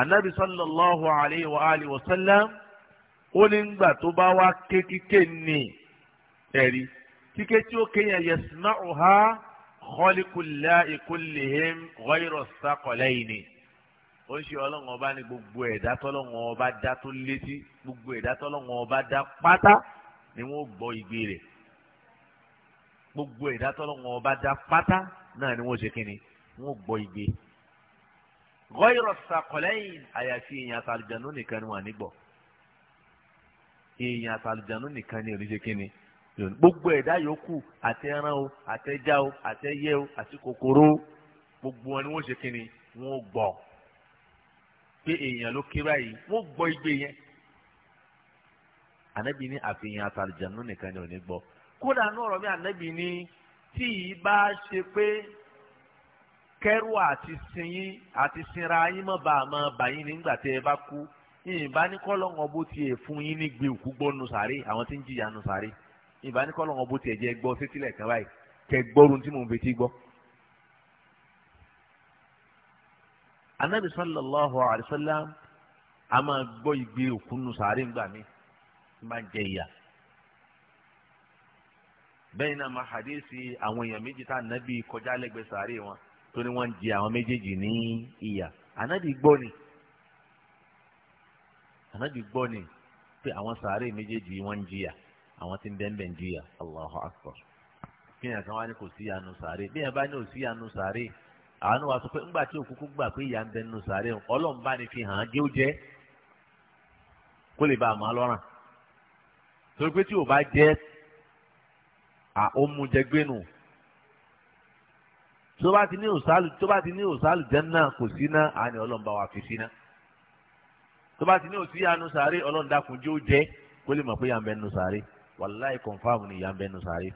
anabi sallallahu alayhi wa wa sallam ó ní ngbà tó bá wá ké kíké ní kíké tí ó khaliqullahi kullihim ghayra saqalaini ó ń ṣe ọlọ́run ọba ní gbogbo ẹ̀dá tọ́lọ́run ọba dá tó létí gbogbo ẹ̀dá tọ́lọ́run ọba dá pátá ni wọ́n gbọ́ igbe rẹ̀ gbogbo ẹ̀dá tọ́lọ́run ọba dá pátá náà ni wọ́n ṣe kínni wọ́n gbọ́ igbe. ghayra saqalain àyàfi èèyàn àtàlùjànú nìkan ni wọ́n á nígbọ̀ èèyàn àtàlùjànú nìkan ni òní gbogbo ẹ̀dá yòókù àti o àtẹja o àtẹyẹ o àti kòkòrò gbogbo wọn ni wọ́n ṣe kínni wọ́n gbọ́ pé èèyàn ló ké báyìí wọ́n gbọ́ igbe yẹn anabi ní àfihàn àtàlùjánu nìkan ni ò ní gbọ́ kódà ní ọ̀rọ̀ mi anabi ní tí yìí bá ṣe pé kẹrù àti sinyin àti sinra yín mọ̀ bá a mọ̀ bàyín nígbà tẹ́ ẹ bá kú yìnyín bá ní kọ́lọ́ngàn bó tiẹ̀ fún yín ní gbé òkú gbọ́ nù sàárè àwọn tí ń jìyà nù sàárè ìbánikọ́lọ́ wọn bó tiẹ̀ jẹ́ gbọ́ sétílẹ̀ kan báyìí kẹ́ gbọ́run tí mò ń fetí gbọ́. anabi sallallahu alayhi wa sallam a máa gbọ́ ìgbé òkú nù sàárè ńgbà mi máa jẹ ìyà. bẹ́ẹ̀ náà máa hadisi àwọn èèyàn méjì tá ànábì kọjá lẹ́gbẹ̀ẹ́ sàárè wọn tó ní wọ́n ń jẹ àwọn méjèèjì ní ìyà ànábì gbọ́ ni ànábì gbọ́ ni pé àwọn sàárè méjèèjì wọ́n ń jìyà. àwọn tí ń bẹ́ẹ̀ bẹ́ẹ̀ allah jìyà Allahu Akbar kí ni ni kò sí àánú sàárè bí yẹn bá ní òsí àánú sàárè àánú wa sọ pé ńgbà tí òkúkú gbà pé ìyá ń sàárè bá fi hàn án jẹ́ ó jẹ́ kó lè bá a máa torí pé tí ò bá jẹ́ à ó mú jẹ gbénu tó bá ti ní òsálù tó bá ti ní kò sí wa fi sí ná bá ti ní òsí sàárè jẹ́ ó jẹ́ kó wàláì kọ̀ǹfàmù ni ìyá ń bẹnu sáré.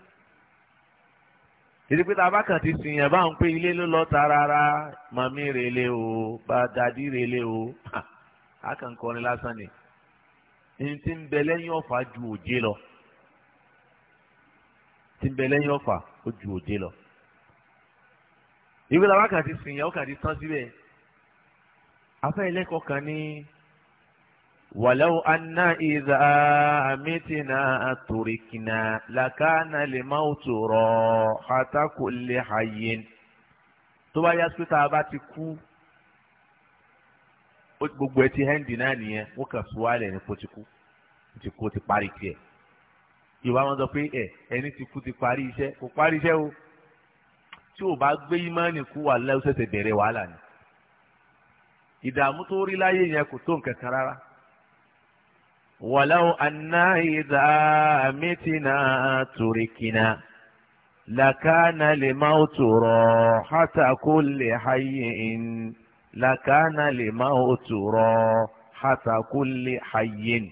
títí pé tá a bá kàn ti sìn yẹn bá ń pé ilé ló lọ tarara mami rèlé o bá dadi rèlé o a kàn kọrin lásán ni ní ti ń bẹ lẹ́yìn ọ̀fà ju òjé lọ ti ń bẹ lẹ́yìn ọ̀fà ó ju òjé lọ ìwé làwọn kàn ti sìn yẹn ó kàn ti tán síbẹ̀ afẹ́ ẹlẹ́kọ̀ọ́ kan ní. Ni ولو أن إذا متنا تركنا لكان الموت راحة كل حي tó bá yá sókè tá a bá ti kú gbogbo ẹ ti hẹ́ndì náà nìyẹn wọ́n kàn sọ wálẹ̀ ní kó ti kú ti kú ti parí tiẹ̀ ìwà wọn sọ pé ẹ ẹni ti kú ti parí iṣẹ́ kò parí iṣẹ́ o tí o bá gbé ìmánì kú wà lẹ́yìn ṣẹ̀ṣẹ̀ bẹ̀rẹ̀ wàhálà ni ìdààmú tó rí láyé yẹn kò tó nǹkan kan rárá ولو أنا إذا متنا تركنا لكان لموت راحة كل حي لكان لموت راحة كل حي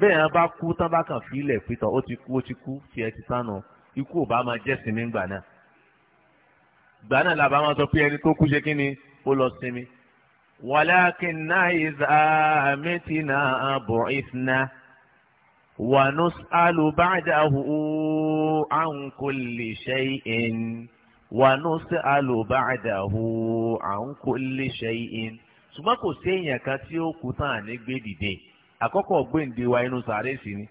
bẹ́ẹ̀ yẹn bá kú tán bá kàn fílẹ̀ pétọ́ ó ti kú ó ti kú fi ẹ ti sánu ikú ò bá máa jẹ́ sinmi gbà náà gbà náà làbá máa sọ pé ẹni tó kú ṣe kí ni ó lọ sinmi ولكننا إذا متنا بعثنا ونسأل بعده عن كل شيء ونسأل بعده عن كل شيء ṣùgbọ́n kò sí èèyàn kan tí ó kú tán àní gbé dìde àkọ́kọ́ gbéǹde wa inú sàárè sí ni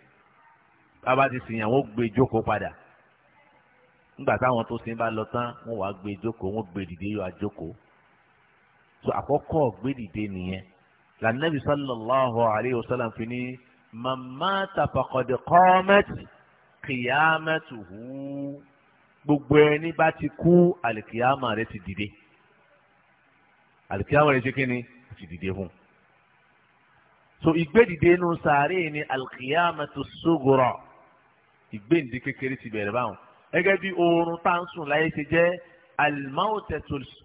bàbá ti sìn yàn wọ́n gbé jókòó padà nígbà táwọn tó sin bá lọ tán wọ́n wàá gbé jókòó wọ́n gbé dìde yóò àjókòó so àkọ́kọ́ gbẹ́dìde nìyẹn lànàbì sallallahu alayhi wa sallam fi ní màmá tàfàkọ̀dé kọ́mẹ́tì kìyàmẹ́tùhù gbogbo ẹni bá ti kú àlìkìyàmà rẹ ti dìde àlìkìyàmà rẹ ti kí ni ti dìde fún so ìgbẹ́dìde inú sàárè ni àlìkìyàmẹ́tù sógorọ̀ ìgbẹ́ǹde kékeré ti bẹ̀rẹ̀ báwọn gẹ́gẹ́ bí oorun tá ń sùn láyé ṣe jẹ́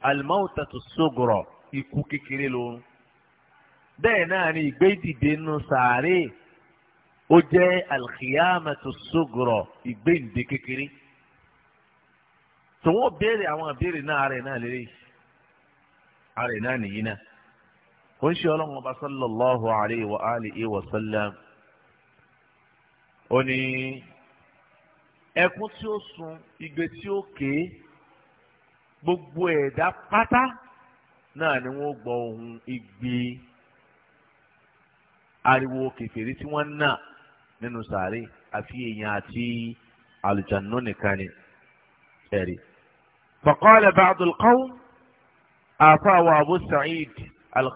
alimawutatu sógorọ̀ ikú kékeré lorun bẹ́ẹ̀ náà ni ìgbé ìdìde nù sàárè ó jẹ́ alkiyamatu sugro ìgbé ìdìde kékeré tòun ó béèrè àwọn ìbéèrè náà ara ẹ̀ náà lélẹ̀ ara ẹ̀ náà nìyí náà ó ń ṣe ọlọ́run ọba sallallahu alayhi wa alihi wa sallam ó ní ẹkún tí ó sun igbe tí ó ké gbogbo ẹ̀dá pátá. náà ni wọ́n gbọ́ ohun igbe ariwo kèfèrí tí wọ́n nà nínú sàárè àfi èèyàn àti àlùjánu nìkan ni ẹ̀rí. فقال abu sa'id al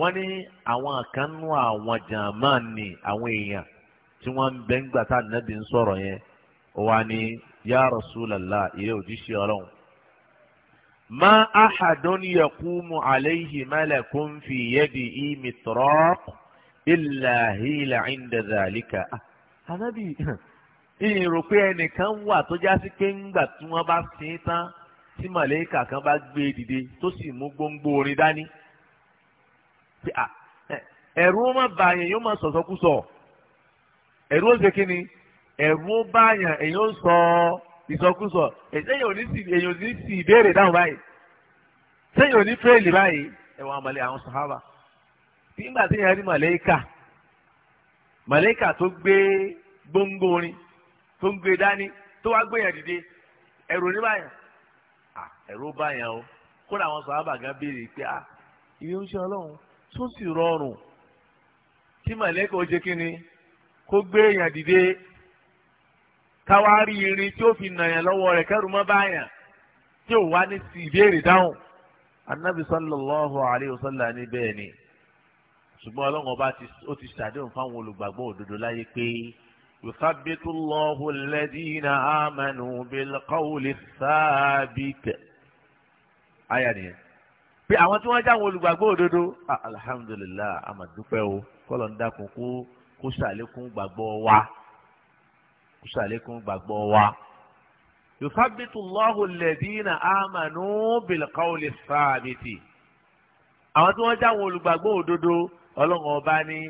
wani ní àwọn àkànnú àwọn jàmáà ni àwọn èèyàn tí wọ́n ń bẹ ń gbà tá nàbì ń sọ̀rọ̀ yẹn ya rasulallah òjíṣẹ́ Ọlọ́run. ma ahadun yaqumu alayhi malakun fi yadihi mitraq illa hila inda dhalika. anabi ah, ìyìn pé ẹnìkan wà tó já pé ńgbà tí wọ́n bá sin tán tí màlẹ́kà kan bá gbé e dìde tó sì mú gbóngbó orin dání. Ah, ẹ̀rù ó má ba yẹn yóò má sọ̀sọ́kú sọ ẹ̀rù ó ṣe kí ni ẹ̀rù ó bá yẹn èyí ó sọ ọ́ ìsọkúsọ ẹ̀sẹ̀yìn òní sì èyàn òní sì ìbéèrè dáhùn báyìí sẹ́yìn òní fẹ́ẹ̀lì báyìí ẹ̀wọ̀n àmàlẹ́ àwọn sàhábà tí ńgbà tí yẹn rí màlẹ́kà màlẹ́kà tó gbé gbóngbó orin tó ń gbé dání tó wá gbé yẹn dìde ẹ̀rù ní báyìí ẹ̀rù báyìí o kódà àwọn sàhábà gan béèrè pé ah ìwé oúnjẹ ọlọ́run tó sì rọrùn tí màlẹ́kà ó jẹ́ kí ni kó gbé yẹn dìde káwárí irin tí ó fi nàyàn lọ́wọ́ rẹ̀ kẹ́rù mọ́ báyàn tí ò wá ní sí ìbéèrè dáhùn anabi sallallahu alayhi wa sallam ní bẹ́ẹ̀ ni ṣùgbọ́n ọlọ́run ọba ó ti ṣàdéhùn fáwọn olùgbàgbọ́ òdodo láyé pé yuthabbitu Allahu alladhina amanu bil qawli thabit nìyẹn pé àwọn tí wọ́n já olùgbàgbọ́ òdodo ah, alhamdulillah amadupẹ́ o kọ́lọ̀ ń dákun kó kó ṣàlékún gbàgbọ́ wa kó ṣàlékún gbàgbọ́ wa. yòfábítù lọ́hùn lẹ́dínà àmànú bìlkọ́ọ̀lì sáàbìtì. àwọn tí wọ́n jáwọn olùgbàgbọ́ òdodo ọlọ́run ọba ní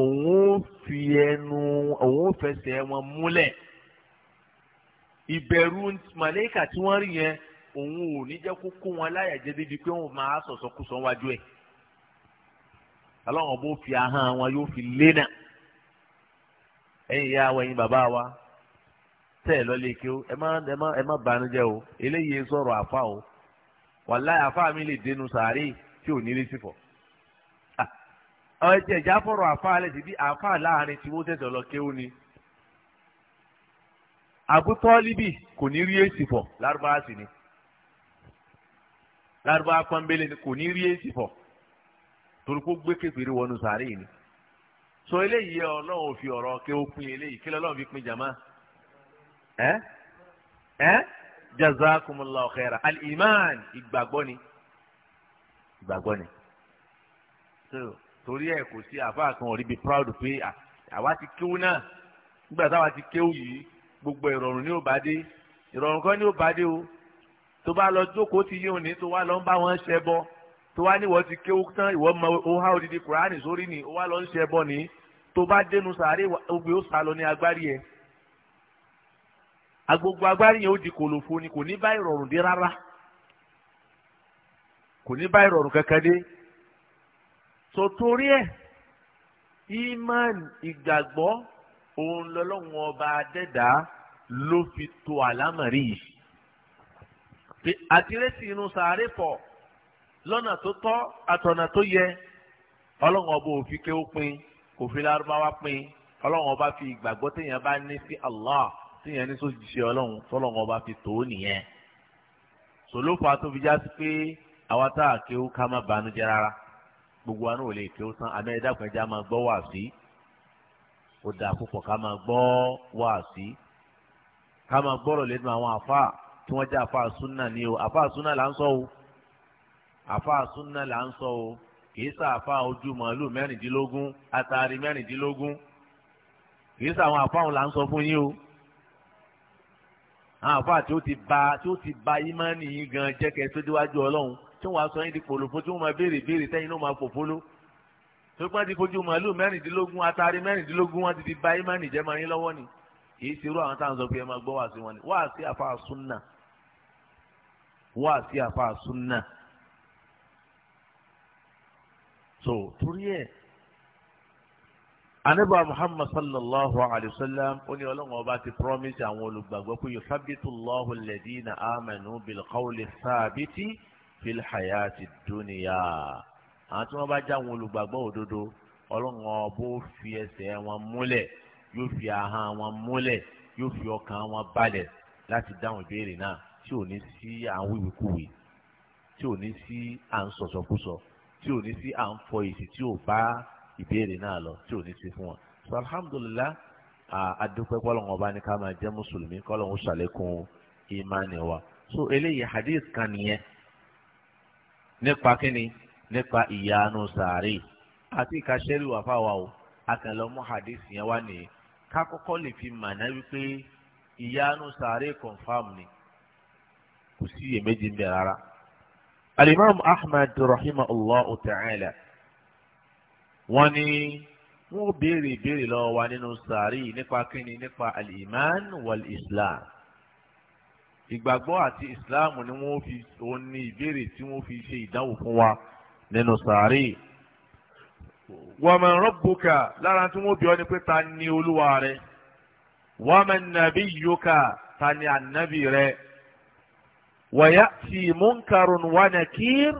òun fi ẹnu òun fẹsẹ̀ wọn múlẹ̀. ìbẹ̀rù màlẹ́kà tí wọ́n rí yẹn òun ò ní jẹ́ kó kó wọn láyà jẹ́ débi pé òun máa sọ̀sọ́ kú sọ wájú ẹ̀. ọlọ́run ọba ó fi ahọ́n wọn yóò fi lé náà ẹ̀yin ìyá wa ẹ̀yin bàbá wa tẹ́ ẹ lọ́lé kí ó ẹ má ẹ má ẹ má banújẹ́ o eléyìí sọ̀rọ̀ àfa o wàláyé àfa mi lè dénú sàárè tí ò ní rí sífọ̀ ọ̀jẹ̀ ìjà fọ̀rọ̀ àfa alẹ́ ti bí àfa láàrin tí wọ́n tẹ̀sẹ̀ lọ kéwú ni àbútọ́líbì kò ní rí èsì fọ̀ lárúbáwá sì ni lárúbáwá pọ́nbélé ni kò ní rí èsì fọ̀ torí kó gbé kékeré wọnú sàárè ni so eléyìí ọlọ́run ò fi ọ̀rọ̀ kí ó pín eléyìí kí lọ́lọ́run fi pín jama ẹ́ ẹ́ jazakumullahu khaira al-iman ìgbàgbọ́ ni ìgbàgbọ́ ni torí ẹ̀ kò sí àfáà kan ọ̀rí bíi proud pé àwa ti kéwú náà nígbà táwa ti kéwú yìí gbogbo ìrọ̀rùn ni ó bá dé ìrọ̀rùn kan ni ó bá dé o tó bá lọ jókòó ti yíyan ní tó wá lọ ń bá wọn ṣẹbọ tó wá níwọ ti kéwú tán ìwọ mọ ó há odidi kuraani sórí ni ó wá lọ ń ṣẹbọ ní tó bá dénú sàárè obì ó sálọ ní agbárí ẹ agbogbo agbárí yẹn ó di kòlòfo ni kò ní bá ìrọ̀rùn dé rárá kò ní bá ìrọ̀rùn kankan dé torí ẹ iman ìgbàgbọ́ òun lọ́lọ́run ọba adẹ́dá ló fi to àlámọ̀rí yìí àtìrẹ́sì inú sàárè pọ̀ lọ́nà tó tọ́ àtọ̀nà tó yẹ ọba òfin ké ó pin òfin lárúbáwá pín ọlọ́run ọba fi ìgbàgbọ́ téèyàn bá ní sí Allah téèyàn ní sójúṣe ọlọ́run tọ́lọ́run ọba fi tó nìyẹn sòlófà tó fi já sí pé àwa tá a kéwú ká má banújẹ́ rárá gbogbo wa ò lè kéwú tán àmì ẹ̀dákùn máa gbọ́ wà sí ó dáa púpọ̀ ká máa gbọ́ wà sí ká máa gbọ́rọ̀ lẹ́nu àwọn àfa tí wọ́n jẹ́ àfa súnà ní o àfa súnà là ń sọ o àfa súnà là ń sọ o kìí sàáfà ojú màálù mẹ́rìndínlógún àtàrí mẹ́rìndínlógún kìí sàwọn àfáwọn là ń sọ fún yín o àwọn àfáà tí ó ti ba tí ó ti ba ìmánì yín gan jẹ́kẹ́ tó déwájú ọlọ́run tí wọ́n á sọ yín di pòlòfó tí wọ́n máa béèrè béèrè tẹ́yìn náà máa fòfóló tó gbọ́n ti fojú màálù mẹ́rìndínlógún àtàrí mẹ́rìndínlógún wọ́n ti fi ba ìmánì jẹ́ mọ́ yín lọ́wọ́ ni kìí ṣerú àwọn táwọn sọ pé ẹ máa gbọ́ wá sí wọn ni wá so torí ẹ̀ anaba muhammad sallallahu alayhi wa sallam ó ní ọlọ́run ọba ti promise àwọn olùgbàgbọ́ pé yuthabbitu Allahu alladhina amanu bil qawli thabiti fil hayati dunya àwọn tí wọ́n bá já àwọn olùgbàgbọ́ òdodo ọlọ́run ọba ó fi ẹsẹ̀ wọn múlẹ̀ yóò fi ahọ́n wọn múlẹ̀ yóò fi ọkàn wọn balẹ̀ láti dáhùn ìbéèrè náà tí ò ní sí àwọn ìwìkúwì tí ò ní sí à ń sọ̀sọ̀kúsọ. So tí ò ní sí à ń fọ èsì tí ò bá ìbéèrè náà lọ tí ò ní sí fún wọn. so alhamdulillah adúpẹ́ kọ́lọ́hún ọba ní ká máa jẹ́ mùsùlùmí kọ́lọ́hún ṣàlékún ìmánì wa. so eléyìí hadith kan nìyẹn nípa kíni nípa ìyanu sàárè àti ìkàṣẹ́rì wà fáwa o akànlọ́mú hadith yẹn wá nìyẹn ká kọ́kọ́ lè fi màná wípé ìyanu sàárè confam ni kò sí iyèméjì ń bẹ rárá alimam ahmed rahimahullahu ta'ala wọ́n ní wọ́n béèrè ìbéèrè lọ́wọ́ wa nínú sàárì nípa kíni nípa al-iman wal islam ìgbàgbọ́ àti islam ni wọ́n fi òun ní ìbéèrè tí wọ́n fi ṣe ìdánwò fún wa nínú sàárì. waman rabbuka lára tí wọ́n bí ọ ni pé ta ni olúwa rẹ waman nabiyuka ta ni ànábì rẹ wayati munkarun wa nakir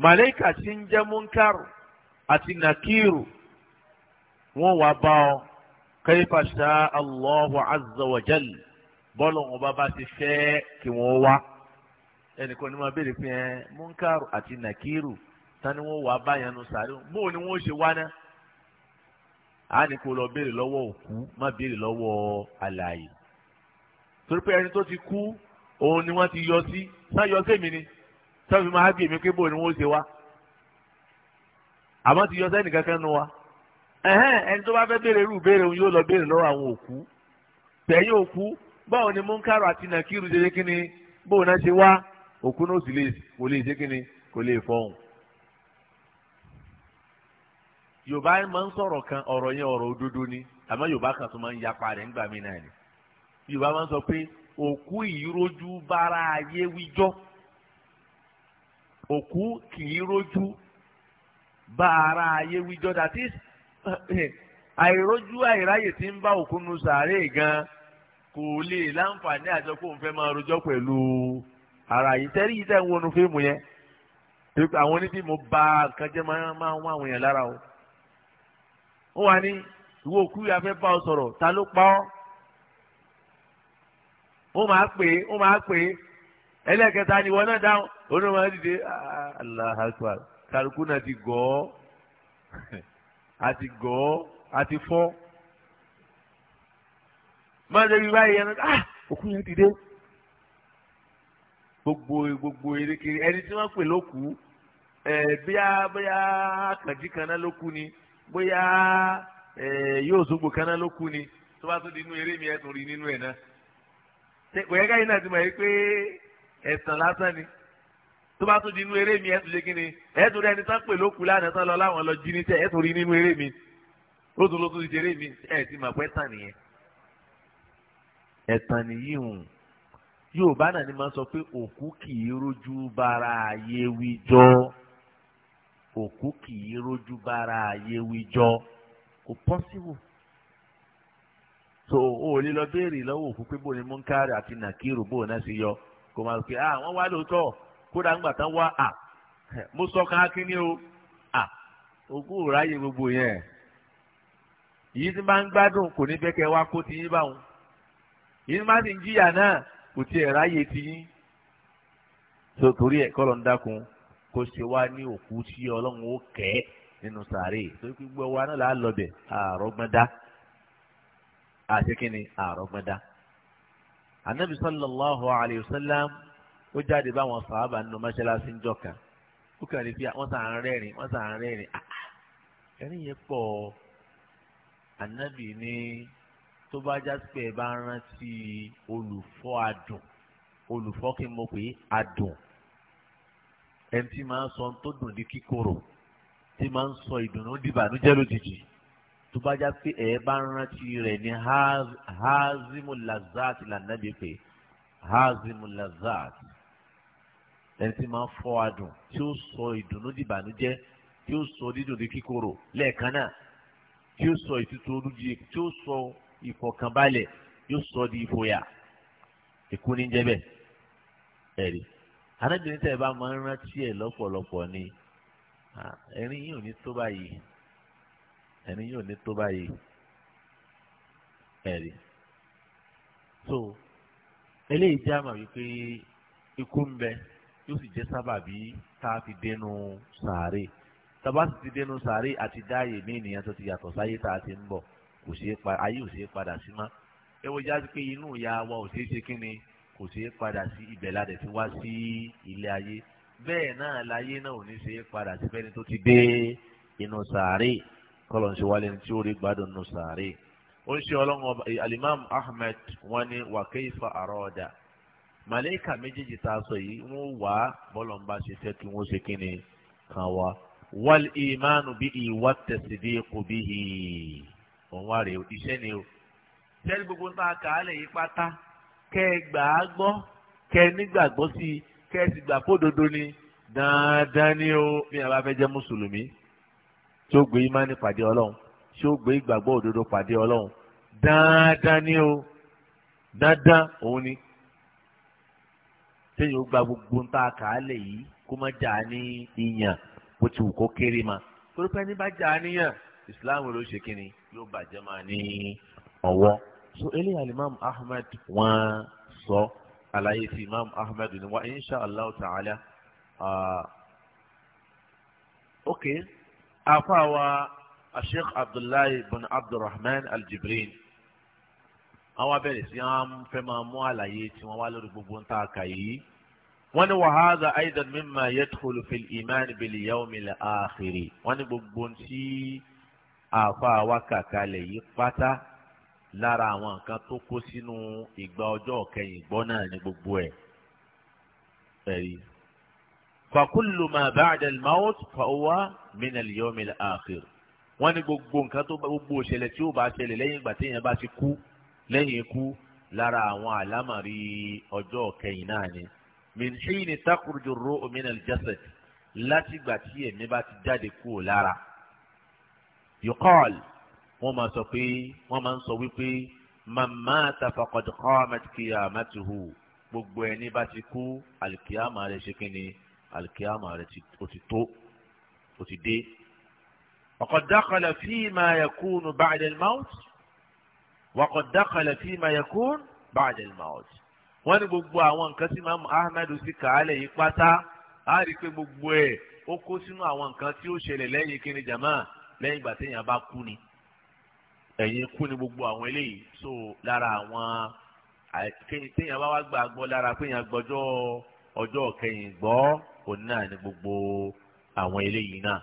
màlẹ́kà tí ń jẹ́ munkaru àti nakiru wọ́n wá bá ọ kayfa sha Allahu azza wa jal bọ́ọ̀lù wọn bá bá ti fẹ́ kí wọ́n wá ẹnìkan ní wọn béèrè pé ẹ munkaru àti nakiru tani wọn wà báyẹn nu sàárẹ bó ni wọn ṣe wá ná a ní kó lọ béèrè lọ́wọ́ òkú má béèrè lọ́wọ́ alààyè torí pé ẹni tó ti kú òun ni wọ́n ti yọ sí sáyọ sẹ́mi ni sọ́fin máa bí èmi pé bò ni wọ́n ṣe wá àmọ́ ti yọ sẹ́ni kankan nu wa ẹ̀hẹ́n ẹni tó bá fẹ́ béèrè irú béèrè òun yóò lọ béèrè lọ́wọ́ àwọn òkú tẹ̀yìn òkú báwo ni munkaru àti nakiru ṣe ṣe kíni bóun ṣe wá òkú náà sì kò lè ṣe kò lè yorùbá máa òkú ìrójú bára ayé wíjọ́ òkú kì í rójú bára ayé wíjọ́ that is àìrójú àìráyè tí ń bá òkú nu sàárè gan kò lè láǹfààní àjọ kó n fẹ́ máa rojọ́ pẹ̀lú ara yìí tẹ́lẹ̀ yìí tẹ́ ń wọnú fíìmù yẹn pípa àwọn onífíìmù ba nǹkan jẹ́ máa máa ń wá àwọn èèyàn lára o. ó wà ní ìwọ òkú yà fẹ́ bá ọ sọ̀rọ̀ ta ló pa ọ́ ó máa pè é ó máa pè é ẹlẹ́kẹta ni wọn náà dáhùn onímọ̀ máa dìde Allahu Akbar kálukú náà ti gọ̀ ọ́ àti gọ̀ ọ́ àti fọ́ máa débi báyìí yẹn náà ah, òkú yẹn dìde gbogbo gbogbo erékeré ẹni tí wọ́n pè lókù ẹ bíyà bíyà kànjí kan náà ni bóyá yóò sógbó kan náà ni tó bá tó di inú eré mi ẹ tún rí nínú ẹ náà wẹ́ẹ́ káyìn náà ti mọ̀ yìí pé ẹ̀sán lásán ni tó bá tún di inú eré mi ẹ̀ tún ṣe kí ni ẹ̀ tún rẹ̀ ní tán pè lókùú lánàá tán lọ láwọn lọ jí ní tẹ̀ ẹ̀ rí nínú eré mi ó tún ló tún mi ẹ̀ ti mọ̀ pé tàn nìyẹn ẹ̀tàn nìyí hùn Yorùbá náà ni máa sọ pé òkú kì í rójú bara ayé wíjọ́ òkú kì í rójú bara ayé wíjọ́ kò pọ́sibù. so o lè lọ béèrè lọ́wọ́ òkú pé munkari àti nakiru náà ṣe yọ kò máa pe ah wọ́n wá lóòótọ́ kódà ńgbà tán wá ah mo sọ o ah gbogbo yẹn yìí ti máa ń gbádùn kò ní bẹ́ẹ̀ wá kó ti yín báwọn yìí máa ti ń jìyà náà kò ti yín so torí ẹ̀ kọ́ ló ń dákun kó ṣe wá ní òkú tí ọlọ́run ó kẹ́ nínú sàárè gbogbo àti kíni àrọ́gbọ́dá. anabi sallallahu alayhi wa sallam ó jáde báwọn sàábà nínú mọ́ṣáláṣí ńjọ kan ó kàn fi wọ́n sàn án rẹ́rìn wọ́n sàn án rẹ́rìn ẹ̀rín ah, ah. yẹn pọ̀ anabi ní tó bá jásí bá rántí olùfọ́ adùn olùfọ́ kí n mọ̀ pé adùn ẹni tí máa ń sọ tó dùn di kíkorò tí máa ń sọ ìdùnnú di lójijì tó bá já pé ẹ bá rántí rẹ̀ ní hazimulazat lànàbí pé hazimulazat ẹni tí máa ń fọ́ adùn tí ó sọ ìdùnnú di ìbànújẹ́ tí ó sọ dídùn di kíkorò lẹ́ẹ̀kan náà tí ó sọ ìtútù olùjì tí ó sọ ìfọ̀kànbalẹ̀ yóò sọ di ìfòyà èkó ní jẹ́ bẹ́ẹ̀ ẹ̀rí arábìnrin tẹ̀ bá máa ń rántí ẹ̀ lọ́pọ̀lọpọ̀ ni ẹ̀rín yìí ò ní tó báyìí ẹni yóò ní tó báyìí ẹ̀rí so eléyìí jẹ́ àmà wípé ikú ń bẹ yóò sì jẹ́ sábàbí tá a fi dénú sàárè tàbá sì ti dénú sàárè àti dáàyè ní ènìyàn tó ti yàtọ̀ sáyé tá a ti ń bọ̀ kò ṣeé ayé ò ṣeé padà sí mọ́ ẹ jáde pé inú ìyá wa ò ṣeé ṣe kí ni kò ṣeé padà sí ibẹ̀ ládẹ̀ tí wá sí ilé ayé bẹ́ẹ̀ náà láyé náà ò ní ṣeé padà sí bẹ́ni tó ti dé inú sàárè kọ́lọ̀ ń ṣe wálé ní tí ó rí gbádùn nù sàárè ó ń ṣe ọlọ́run ọba alimami ahmed wọn ni wàkẹ́yìfà àrọ́ọ̀dà màlẹ́kà méjèèjì tá a sọ yìí wọ́n wà á bọ́lọ̀ ń bá ṣe fẹ́ kí wọ́n ṣe kí ni kan wá wal imanu bí ìwà tẹ̀sídẹ́ kò bí hì òun wá rèé iṣẹ́ ni o tẹ́lẹ̀ gbogbo ń bá a kà pátá kẹ́ ẹ gbà á gbọ́ kẹ́ ẹ nígbàgbọ́ sí i kẹ́ ẹ sì gbà kó dodo ni dáadáa ni o bí a jẹ́ mùsùlùmí tí ó gbé imáni pàdé ọlọ́run tí ó gbé ìgbàgbọ́ òdodo pàdé ọlọ́run dáadáa ni o dáadáa òun ni téèyàn ó gba gbogbo ń tá a kà á lẹ̀ yìí kó má jà á ní ìyàn bó ti wù kó kéré ma torí pé ní bá jà á níyàn ìsìláàmù ló ṣe kínni yóò bàjẹ́ máa ní ọwọ́ so eléyà imam ahmed wọ́n sọ àlàyé ti imam ahmed ni wa insha allah ta'ala uh, okay afáwa asheikh abdullahi bin abdulrahman aljibrin àwọn abẹ́rẹ́ sí wọn fẹ́ máa mú àlàyé tí wọ́n wá lórí gbogbo ń ta àkà yìí wọ́n ní wàhálà aidan mímà yẹtùkọlù fìlì ìmáàní bìlì yàwó mi lè àkèrè wọ́n ní gbogbo ń tí àfáwa kàkálẹ̀ yìí pátá lára àwọn nǹkan tó kó sínú ìgbà ọjọ́ kẹyìn gbọ́ náà ní gbogbo ẹ̀ ẹ̀rí فكل ما بعد الموت فهو من اليوم الآخر. akhir wọ́n ní gbogbo nǹkan tó gbogbo òṣẹlẹ̀ tí ó bá ṣẹlẹ̀ lẹ́yìn ìgbà téèyàn bá ti kú lẹ́yìn ikú lára àwọn àlámàrí ọjọ́ kẹyìn náà ni min hini takurujo ro minal jasad látìgbà tí ẹ̀mí bá ti jáde kúrò lára yukol wọ́n máa sọ pé wọ́n máa ń sọ wípé màmá tafakọdùkọ́ amẹ́tìkìyà amẹ́tìhù gbogbo ẹni bá ti kú àlùkìyà máa lè ṣe kínni alikiyama rẹ̀ ó ti tó ó ti dé. وقد دخل فيما يكون بعد الموت وقد دخل فيما يكون بعد الموت wọ́n ní gbogbo àwọn nǹkan tí mamu ahmed sì kàálẹ̀ yìí pátá á rí i pé gbogbo ẹ̀ ó kó sínú àwọn nǹkan tí ó ṣẹlẹ̀ lẹ́yìn kíni jama lẹ́yìn ìgbà téèyàn bá kú ni ẹ̀yìn kú ni gbogbo àwọn eléyìí so lára àwọn téèyàn bá wá gbàgbọ́ lára pé èèyàn gbọ́jọ́ ọjọ́ kẹyìn gbọ́ òun náà ni gbogbo àwọn eléyìí náà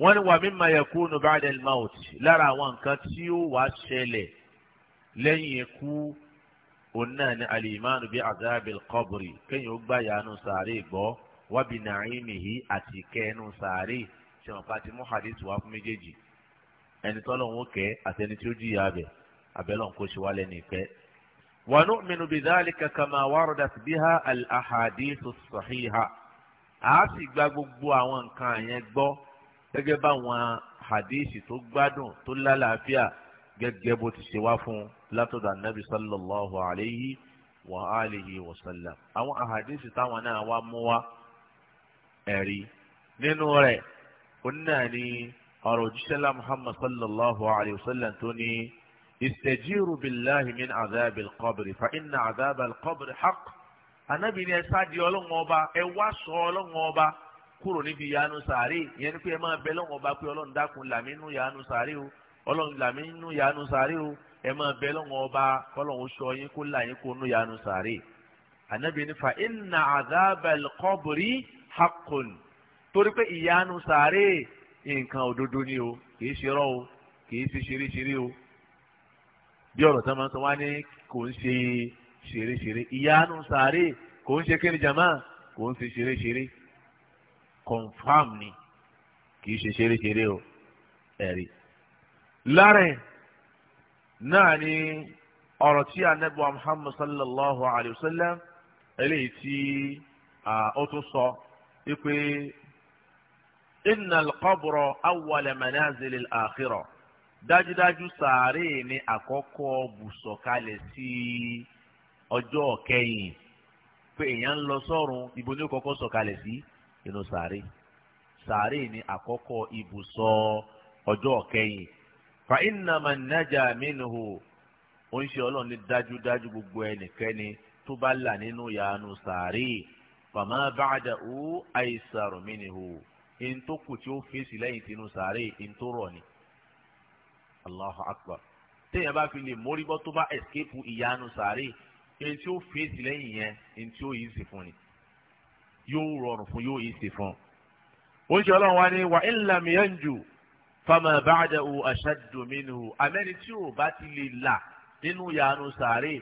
wọ́n ní wàmí mayẹ̀kú nubadel maut lára àwọn nǹkan tí ó wà ṣẹlẹ̀ lẹ́yìn ikú òun náà ni alimanu bíi azabil kọ́bùrì kéèyàn ó gbà yanu sàárè gbọ́ wábi nàìmìhì àti kẹ́nu sàárè ṣèwọ̀n pàtí muhadith wà fún méjèèjì ẹni tọ́lọ̀ ń kẹ́ àti ẹni tí ó jìyà bẹ̀ abẹ́lọ̀ ń kó ṣe wálẹ̀ ní ìkẹ́ ونؤمن بذلك كما وردت بها الأحاديث الصحيحة a sì gba gbogbo àwọn nǹkan yẹn gbọ́ gẹ́gẹ́ báwọn hadithi tó gbádùn tó lálàáfíà gẹ́gẹ́ bó ti ṣe wá fún látọ̀dọ̀ anabi sallallahu alayhi wa alihi wa sallam àwọn hadithi táwọn náà wá mú wá ẹ̀rí nínú rẹ̀ ó náà ní ọ̀rọ̀ òjíṣẹ́lá muhammad sallallahu alayhi wa sallam tó ní istajiru billahi min azab alqabr fa inna azab alqabr haq anabi ni ẹ sáàdì ọlọ́run ọba ẹ wá sọ ọlọ́run ọba kúrò níbi yanu sàárè yẹn ni pé ẹ máa bẹ lọ́run ọba pé ọlọ́run dákun làmì nínú yanu sàárè o ọlọ́run làmì nínú yanu sàárè o ẹ máa bẹ lọ́run ọba kọ́lọ́run sọ yín kó là yín kó nú yanu sàárè anabi ni fa inna azab alqabr haqqun torí pé ìyanu sàárè nǹkan òdodo ni o kì í ṣe rọ́ o kì í ṣe ṣeréṣeré o bí ọ̀rọ̀ tó máa ń sọ wá ní kò ń ṣe ṣeréṣeré ìyanu sàárè kò ń ṣe kíni jama kò ń ṣe ṣeréṣeré confam ni kì í ṣe ṣeréṣeré o ẹ̀rí. lára náà ni ọ̀rọ̀ tí anabi wa muhammad sallallahu alayhi wa sallam eléyìí tí ó tún sọ pé inna al-qabra manazil al-akhirah. dájúdájú sàárè ni àkọ́kọ́ bùsọ̀kalẹ̀ sí ọjọ́ kẹ́yìn pé èèyàn ń lọ sọ́run ibo ni kọ́kọ́ sọ̀kalẹ̀ sí inú sàárè sàárè ni àkọ́kọ́ ibùsọ̀ ọjọ́ kẹ́yìn fa innama naja minhu ó ń ṣe ọlọ́run ní dájúdájú gbogbo ẹnikẹ́ni tó bá là nínú yanu sàárè fama ba'dahu aysaru minhu ntòkù tí ó fèsì lẹ́yìn tinú sàárè ni. Allahu Akbar téèyàn bá fi lè mórí bọ́ tó bá ẹ̀skẹ́pù ìyanu sàárè èyí tí ó fèsì lẹ́yìn yẹn èyí tí ó yìí sì fún ni yóò rọrùn fún yóò yìí sì fún. ó ń ṣe ọlọ́run wa ní wa in lam yanju fama ba'dahu ashaddu minhu tí ò bá ti lè là nínú ìyanu sàárè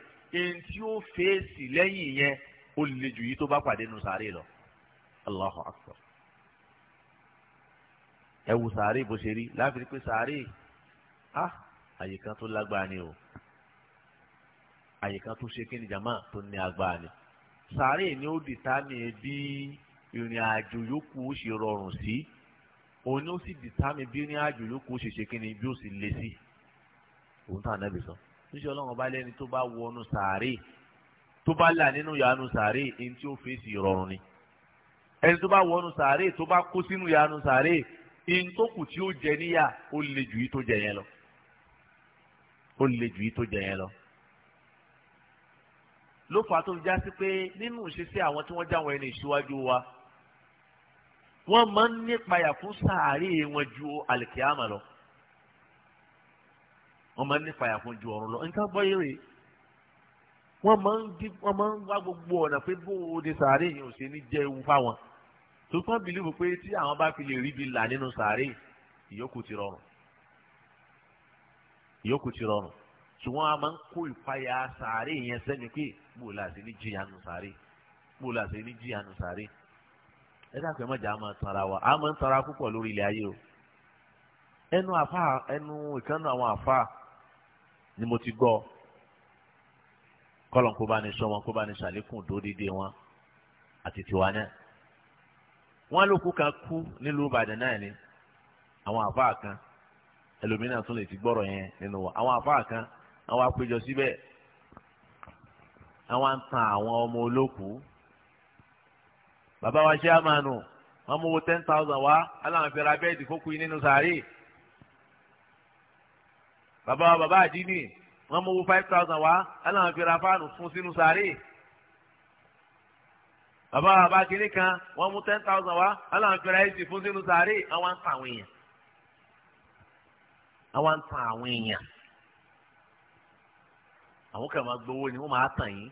èyí tí ó fèsì lẹ́yìn yẹn ó lè jù yìí tó bá pàdé nínú sàárè lọ. Allahu Akbar. ẹ wù sàárè bó ṣe rí láfi pé sàárè á àyè kan tó lágbára ni o àyè kan tó ṣe kí ni jàmá tó ní agbára ni sàárè ni ó dìtámì bí ìrìn àjò yòókù ó ṣe rọrùn sí òun ni ó sì dìtámì bí ìrìn àjò yòókù ó ṣe ṣe kí ni bí ó sì le sí òun tó ànábì sọ níṣẹ́ ọlọ́run ọba lẹ́ni tó bá wọnú sàárè tó bá là nínú yàánu sàárè ẹni tí ó fèsì rọrùn ni ẹni tó bá wọnú sàárè tó bá kó sínú yàánu sàárè ẹni tó kù tí ó jẹ níyà ó le jù yìí tó jẹ yẹn lọ ó le jù yìí tó jẹ yẹn lọ. ló fà á tó já sí pé nínú ìṣesí àwọn tí wọ́n jáwọn ẹni ìṣíwájú wa wọ́n máa ń nípayà fún sàárè wọn ju àlìkíyàmà lọ wọ́n máa ń nípayà fún ju ọ̀run lọ nǹkan bọ́ yìí rèé wọ́n máa ń di wọ́n máa ń wá gbogbo ọ̀nà pé bó o de sàárè yẹn ò ṣe ní jẹ́ ewu fáwọn tó kàn bìlíwò pé tí àwọn bá fi lè rí ibi là nínú sàárè ìyókù ti rọrùn ìyókù ti rọrùn ṣùgbọ́n a máa ń kó ìpayà sàárè yẹn sẹ́ni pé bó la ṣe ní jíyanu sàárè bó la ṣe ní jíyanu sàárè ẹ dákun ẹ má jẹ́ a máa tanra wa a máa ń tanra púpọ̀ lórí ilẹ̀ ayé o ẹnu àfa ẹnu ìkànnì àwọn àfa ni mo ti gbọ́ kọ́lọ̀n bá ní sọ wọn kó bá ní sàlékún dódédé wọn àti tiwa náà wọn ló kan kú nílùú Ìbàdàn náà ni àwọn àfa kan ẹlòmínà tún lè ti gbọ́rọ̀ yẹn nínú wọn àwọn àfáà kan àwọn àpéjọ síbẹ̀ àwọn ń tan àwọn ọmọ olókùú bàbá wa ṣe àmànù wọn mú owó ten thousand wá aláwọn fẹ́ ra bẹ́ẹ̀dì fókù yín nínú sàárè bàbá wa bàbá àdínì wọn mú owó five thousand wá aláwọn fẹ́ ra fáànù fún sínú sàárè bàbá wa bàbá kìnnìkan wọn mú ten thousand wá aláwọn fẹ́ ra ẹ̀sìn fún sínú sàárè àwọn ń tan àwọn èèyàn àwa ń tan àwọn èèyàn àwọn kan máa gbowó ni wọ́n máa tàn yín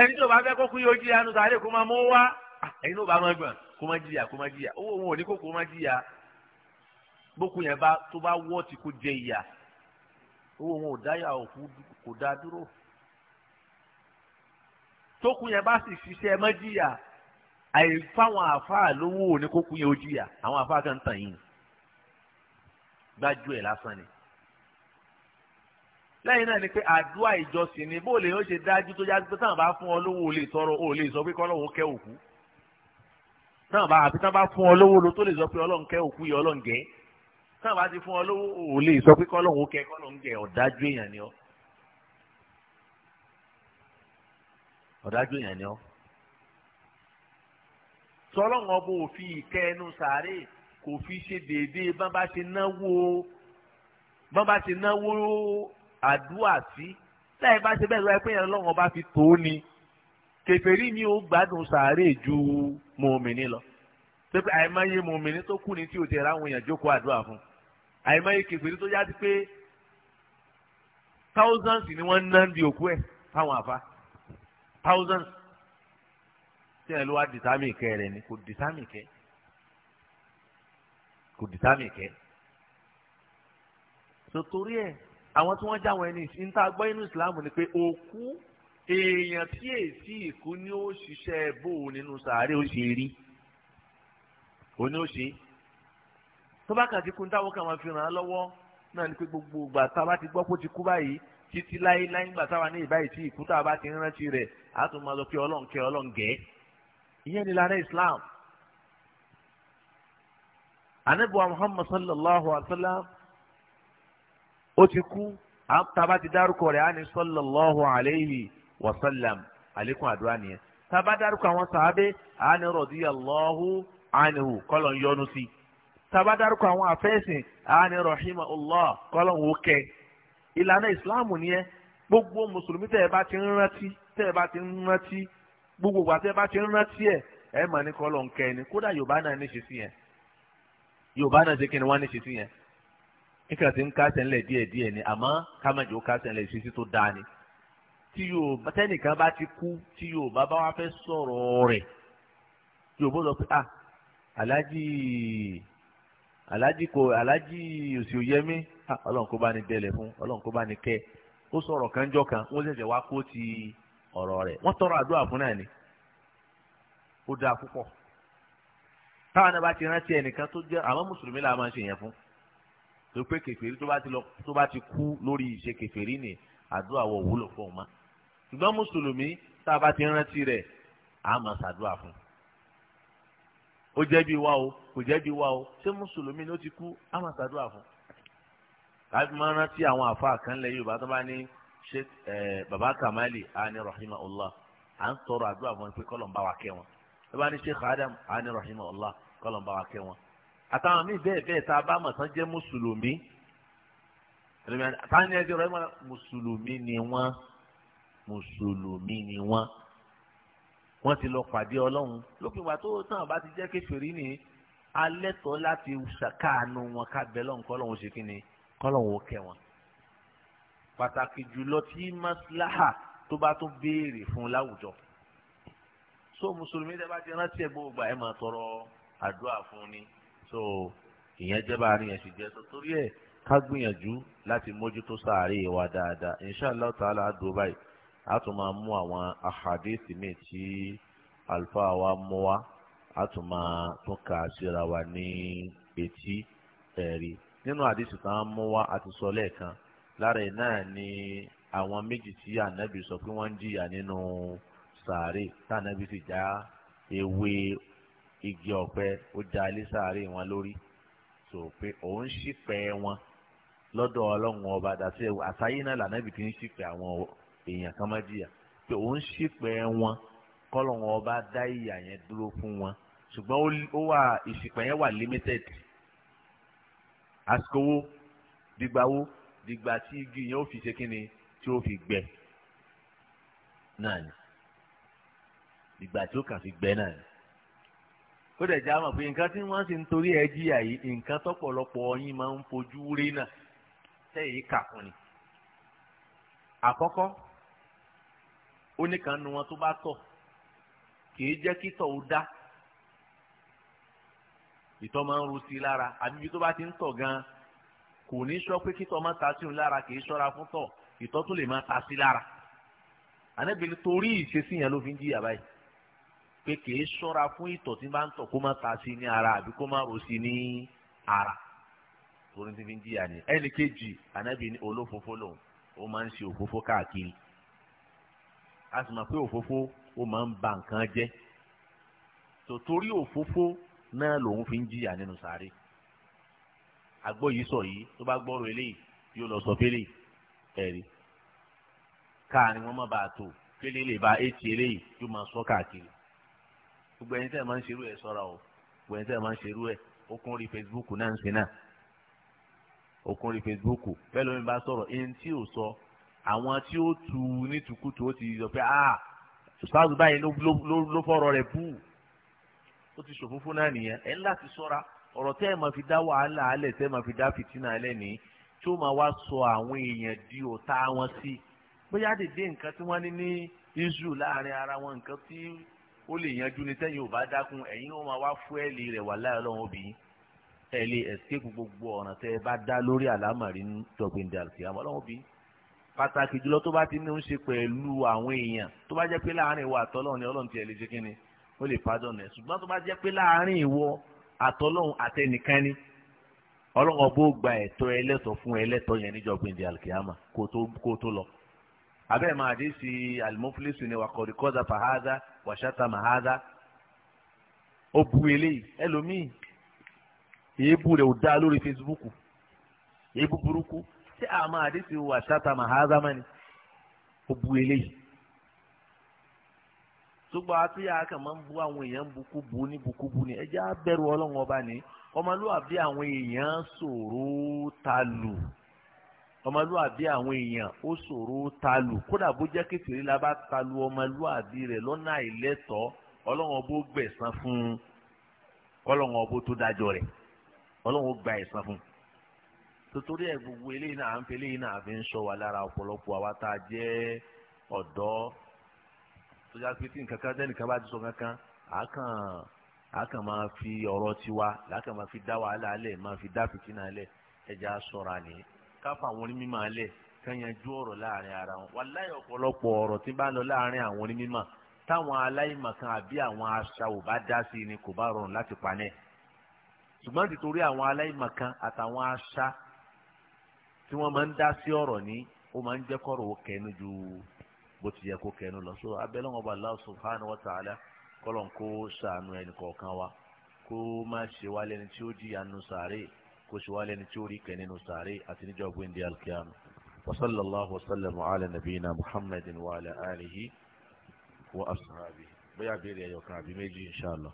ẹni tí o bá fẹ́ kó kú yóò jìyà nù sáré kó máa mú wá ah, ẹni tí o bá máa gbọ̀n kó máa jìyà kó máa jìyà owó òun ò ní kó kó máa jìyà bókun yẹn bá tó bá wọ́ ti kó jẹ ìyà owó òun ò dáyà òkú kò dá dúró tókun yẹn bá sì ṣiṣẹ́ mọ́ jìyà àìfáwọn àfáà lówó òun ní kó kú yẹn ó jìyà àwọn àfáà kan tàn yín gbájú ẹ̀ lásán ni lẹ́yìn náà ni pé àdúrà ìjọsìn ni bó lè yóò ṣe dájú tó yájú pé táwọn bá fún ọ lówó o lè tọrọ o lè sọ pé kọ́ lọ́wọ́ kẹ́ òkú táwọn bá àfi táwọn bá fún ọ lówó lo tó lè sọ pé ọlọ́run kẹ́ òkú yẹ ọlọ́run gẹ́ táwọn bá ti fún ọ lówó o lè sọ pé kọ́ lọ́wọ́ kẹ́ kọ́ lọ́run gẹ́ ọ̀dájú èèyàn ni ọ. ọ̀dájú èèyàn ni ọ. sọlọ́run ọba kò fi ṣe déédéé bọ́n bá ti náwó bọ́n bá ti náwó àdúrà sí láì bá ṣe bẹ́ẹ̀ lọ́wọ́ ẹ pé yẹn lọ́wọ́ bá fi tó ni kèfèrí mi ò gbádùn sàárè ju mòmìnì lọ pépé àìmáyé mòmìnì tó kù ní tí o ti ra àwọn èèyàn jókòó àdúrà fún àìmáyé kèfèrí tó yá sí pé thousands ni wọ́n ń ná di òkú ẹ̀ fáwọn àfa thousands tí ẹ̀ ló wá dìtámì kẹ́ rẹ̀ ni kò dìtámì kẹ́ rẹ̀ kò dìtámì kẹ́ sotori ẹ̀ àwọn tí wọ́n já wọn ẹni ìsìn tá a gbọ́ inú ìsìláàmù ni pé òkú èèyàn tí èsì ìkú ni ó ṣiṣẹ́ bò nínú sàárè ó ṣe rí òní ó ṣe tó bá kàn ti kun táwọn kan máa fi ràn án lọ́wọ́ náà ni pé gbogbo ìgbà tá a bá ti gbọ́ pé ti kú báyìí títí láyé láyé ńgbà táwa ní ìbáyìí tí ìkú tá a bá ti rántí rẹ̀ á tún máa lọ pé ọlọ́run kẹ́ ìyẹn ni lára Islam anabiwa muhammad sallallahu alaihi wa sallam ó ti kú taba ti dárúkọ rẹ̀ ani sallallahu alaihi wa sallam alekun àdúrà nìyẹn taba dárúkọ àwọn sàábé ani radiyallahu anhu kọlọ̀ ń yọ́nú sí taba dárúkọ àwọn afẹ́sìn ani rahimahullah kọlọ̀ ń wò kẹ́ ìlànà ìsìláàmù nìyẹn gbogbo mùsùlùmí tẹ́ ẹ bá ti ń rántí tẹ́ ẹ bá ti ń rántí gbogbo ìgbà tẹ́ ẹ bá ti ń rántí ẹ ẹ mà ní kọlọ̀ ń kẹ́ ni kódà yorùbá náà ní ṣe sí yẹn yorùbá náà ṣe kí ni wọ́n á ní ṣe sí yẹn nígbà tí ń kásẹ̀ ńlẹ̀ díẹ̀ díẹ̀ ni àmọ́ kámẹ́jọ kásẹ̀ ńlẹ̀ ìṣesí tó dáa ni tí yorùbá tẹ́nìkan bá ti kú tí yorùbá bá wá fẹ́ sọ̀rọ̀ rẹ̀ yorùbá sọ pé ah aláàjì aláàjì kò aláàjì òsì òyẹmí ah, ọlọ́run kó bá ní bẹ́ẹ̀lẹ̀ fún ọlọ́run kó bá ní kẹ́ ó sọ̀rọ̀ kanjọ́ kan wọ́n ṣẹ̀ṣẹ̀ wá kó ti ọ̀rọ̀ rẹ̀ wọ́n tọrọ àdúrà fún náà ni ó dáa púpọ̀ táwọn náà bá ti rántí ẹnìkan tó jẹ́ àwọn mùsùlùmí làwọn máa ń ṣe yẹn fún tó pé kèfèrí tó bá ti kú lórí ìṣe kèfèrí ni àdúrà wọ wúlò fún ọmọ ṣùgbọ́n mùsùlùmí tá a bá ti rántí rẹ̀ a máa ṣàdúrà fún ó jẹ́bi wa o kò jẹ́bi wa o ṣé mùsùlùmí ni ó ti kú a máa ṣàdúrà fún láti máa rántí àwọn àfáà kan lẹ́yìn yorùbá tó bá ní ṣe eh, baba kamali ani rahimahullah à ń tọrọ àdúrà fún ẹ pé kọ́lọ̀ ń bá wa kẹ́ wọn ẹ bá ní sheikh adam ani rahimahullah kọlọm bá wa kẹ wọn àtàwọn míì bẹ́ẹ̀ bẹ́ẹ̀ tá a bá mọ̀ tán jẹ́ mùsùlùmí táwọn ẹni ọ̀rọ̀ ìmọ̀ràn mùsùlùmí ni wọ́n mùsùlùmí ni wọ́n wọ́n ti lọ pàdé ọlọ́run lópin ìgbà tó tán àbá ti jẹ́ kékeré ní alẹ́tọ̀ọ́ láti ṣàkáàánú wọn kábẹ́ lọ́hùn kọ́lọ́hún ṣe kí ni kọ́lọ́hún ó kẹ́ wọn. pàtàkì jùlọ tí maslaha tó bá tó béèrè fún láwùjọ so mùsùlùmí tẹ́ bá ti rántí ẹ̀ gbogbo ẹ̀ máa tọrọ àdúrà fún ni so ìyẹn jẹ́ bá a ríyàn sì jẹ́ tó torí ẹ̀ ká gbìyànjú láti mójútó sàárè wa dáadáa inṣàlá tààlà àdúró báyìí a tún máa mú àwọn àhàdíìsì míì tí àlùfáà wa mú wa a tún máa tún kà síra wa ní etí ẹ̀rí nínú àdísì tá a mú wa àti sọ lẹ́ẹ̀kan lára ẹ̀ náà ni àwọn méjì tí ànábì sọ pé wọ́n ń jìyà nínú. No, sàárè tànàbí sì já ewé igi ọ̀pẹ ó já ilé sàárè wọn lórí tó pé òun ṣìpẹ̀ wọn lọ́dọ̀ ọlọ́run ọba dàtí àtàyè náà lànàbí ti ń ṣìpẹ̀ àwọn èèyàn kan má jìyà pé òun ṣìpẹ̀ wọn kọ́lọ́run ọba dá ìyà yẹn dúró fún wọn ṣùgbọ́n ó wà ìṣìpẹ̀ yẹn wà limited àsìkò wo dìgbà wo dìgbà tí igi yẹn ó fi ṣe kí ni tí ó fi gbẹ náà ni ìgbà tí ó fi gbẹ náà ó dẹ̀ já mọ̀ pé nǹkan tí wọ́n ti ń torí ẹ jìyà yìí nǹkan tọ́pọ̀lọpọ̀ ọyìn máa ń fojú rí náà tẹ̀yìn kàkún ni àkọ́kọ́ ó ní kan nu wọn tó bá tọ̀ kìí jẹ́ kí tọ̀ ó dá ìtọ̀ máa ń ru sí i lára àbí ibi tó bá ti ń tọ̀ gan-an kò ní sọ pé kí tọ̀ máa ta sí òun lára kìí ṣọ́ra fún tọ̀ ìtọ̀ tún lè máa ta sí lára ànábìrin torí ìṣesí yẹn ló fi ń jìyà báyìí pé kìí ṣọ́ra fún ìtọ̀ tí bá ń tọ̀ kó má ta sí ní ara àbí kó má ro sí ní ara torí ti fi ń jìyà ni ẹnì kejì ànábì ní olófófó lòun ó máa ń ṣe òfófó káàkiri a sì mọ̀ pé òfófó ó máa ń ba nǹkan jẹ́ tòtórí òfófó náà lòun fi ń jìyà nínú sáré àgbọ̀ yìí sọ yìí tó bá gbọ́rọ̀ eléyìí yóò lọ sọ fẹ́lẹ̀ ẹ̀rí káà ni wọ́n má bàa tò fẹ́lẹ̀ lè ba éèkì eléyìí yóò máa sọ káàkiri gbogbo ẹni tẹ́ ẹ máa ń ṣerú ẹ sọ́ra o gbogbo ẹni tẹ́ ẹ máa ń ṣerú ẹ ó kún rí Facebook náà ń sin náà ó kún rí Facebook bẹ́ẹ̀ lómi bá sọ̀rọ̀ ẹni tí ò sọ àwọn tí ó tu nítukutu ó ti sọ pé ah ṣùpáàzù báyìí ló fọ̀rọ̀ rẹ̀ bú ó ti ṣòfófó náà nìyẹn ẹ̀ ń láti sọ́ra ọ̀rọ̀ tẹ́ ẹ máa fi dá wàhálà alẹ̀ tẹ́ ẹ máa fi dá fìtínà alẹ̀ nìyí tí ó máa wá sọ àwọn èèyàn di ọ̀tá wọn sí bóyá dèdè nǹkan tí wọ́n ní ní israel láàrin ara wọn nǹkan tí ó lè yanjú ní sẹ́yìn ò bá dákun ẹ̀yin ó máa wá fúẹ́lì rẹ̀ wà láyọ̀ lọ́wọ́ obìnrin ẹ lè escape gbogbo ọ̀ràn tẹ́ ẹ bá dá lórí àlámọ̀rí dọ̀gbìndì àlùfíàmọ́ lọ́wọ́ obìnrin pàtàkì jùlọ tó bá ti ní ń ṣe pẹ̀lú àwọn èèyàn tó bá jẹ́ pé láàárín ìwọ àtọ́lọ́run ni ọlọ́run tiẹ̀ lè ṣe kíni ó lè pardon ẹ̀ ṣùgbọ́n tó bá jẹ́ pé láàárín ìwọ àtọ́lọ́run àtẹnìkan ọlọ́run ọbọ̀ gba ẹ̀tọ́ ẹlẹ́tọ̀ fún ẹlẹ́tọ̀ yẹn níjọ́ gbìndín àlùkìyàmà kó tó lọ abẹ́ẹ̀ máa dé sí alimọ́fúlẹ́sì ni wàkọ̀dí kọ́dà fàhádà wàṣàtà màhádà ó bu eléyìí ẹlòmíì èébú rẹ̀ ò dá lórí Facebook èébú burúkú tí a máa dé sí wàṣàtà màhádà mọ́ni ó bu eléyìí ṣùgbọ́n àti yà kàn máa ń bu àwọn èèyàn bukubu ní bukubu ní ẹjẹ́ abẹ́rù ọlọ́run ọba ní ọmọlúwàbí àwọn èèyàn ṣòro ta lù ọmọlúwàbí àwọn èèyàn ó ṣòro talù kódà bó jẹ́ kékeré la bá talù ọmọlúwàbí rẹ̀ lọ́nà àìlẹ́tọ̀ọ́ ọlọ́wọ́n bó gbẹ̀san fún un kọ́lọ́wọ́n bó tó dájọ́ rẹ̀ ọlọ́wọ́n gba ẹ̀san fún un torí ẹ̀ gbogbo eléyìí náà à ń fi eléyìí náà fi ń sọ wa lára ọ̀pọ̀lọpọ̀ àwa tá a jẹ́ ọ̀dọ́ tó já pé tí nǹkan kan tẹ́nìkan bá ti sọ kankan àákàn máa fi ọ̀rọ̀ tiwa làákàn máa fi dá wàhálà lẹ̀ máa fi dá fìtínà lẹ̀ ẹja sọ̀ra nìyẹn káfà àwọn onímọ̀ alẹ̀ kányanjú ọ̀rọ̀ láàrin ara wọn wàláyé ọ̀pọ̀lọpọ̀ ọ̀rọ̀ tí bá ń lọ láàrin àwọn onímọ̀ táwọn aláìmọ̀kan àbí àwọn aṣa ò bá dá sí ni kò bá rọrùn láti panẹ́ ṣùgbọ́n títorí àwọn aláìmọ̀kan àtàwọn aṣa tí wọ́n máa ń dá sí ọ̀rọ̀ ní ó máa ń jẹ́ kọ́rọ̀ ó kẹnu ju bó ti yẹ kó kẹnu lọ so abẹ́lẹ́wọ̀n bá Allah subhanahu wa ta'ala kọ́lọ̀ kó ṣàánú ẹnì wa kó má ṣe wá lẹ́ni tí kó sì wá lẹ́ni tí ó rí kẹ́ nínú sàárè àti níjọ́ gbẹ̀ndé alkiyama wasallallahu wasallam ala nabiyina muhammadin wa ala alihi wa ashabihi bóyá béèrè ẹyọ kan àbí méjì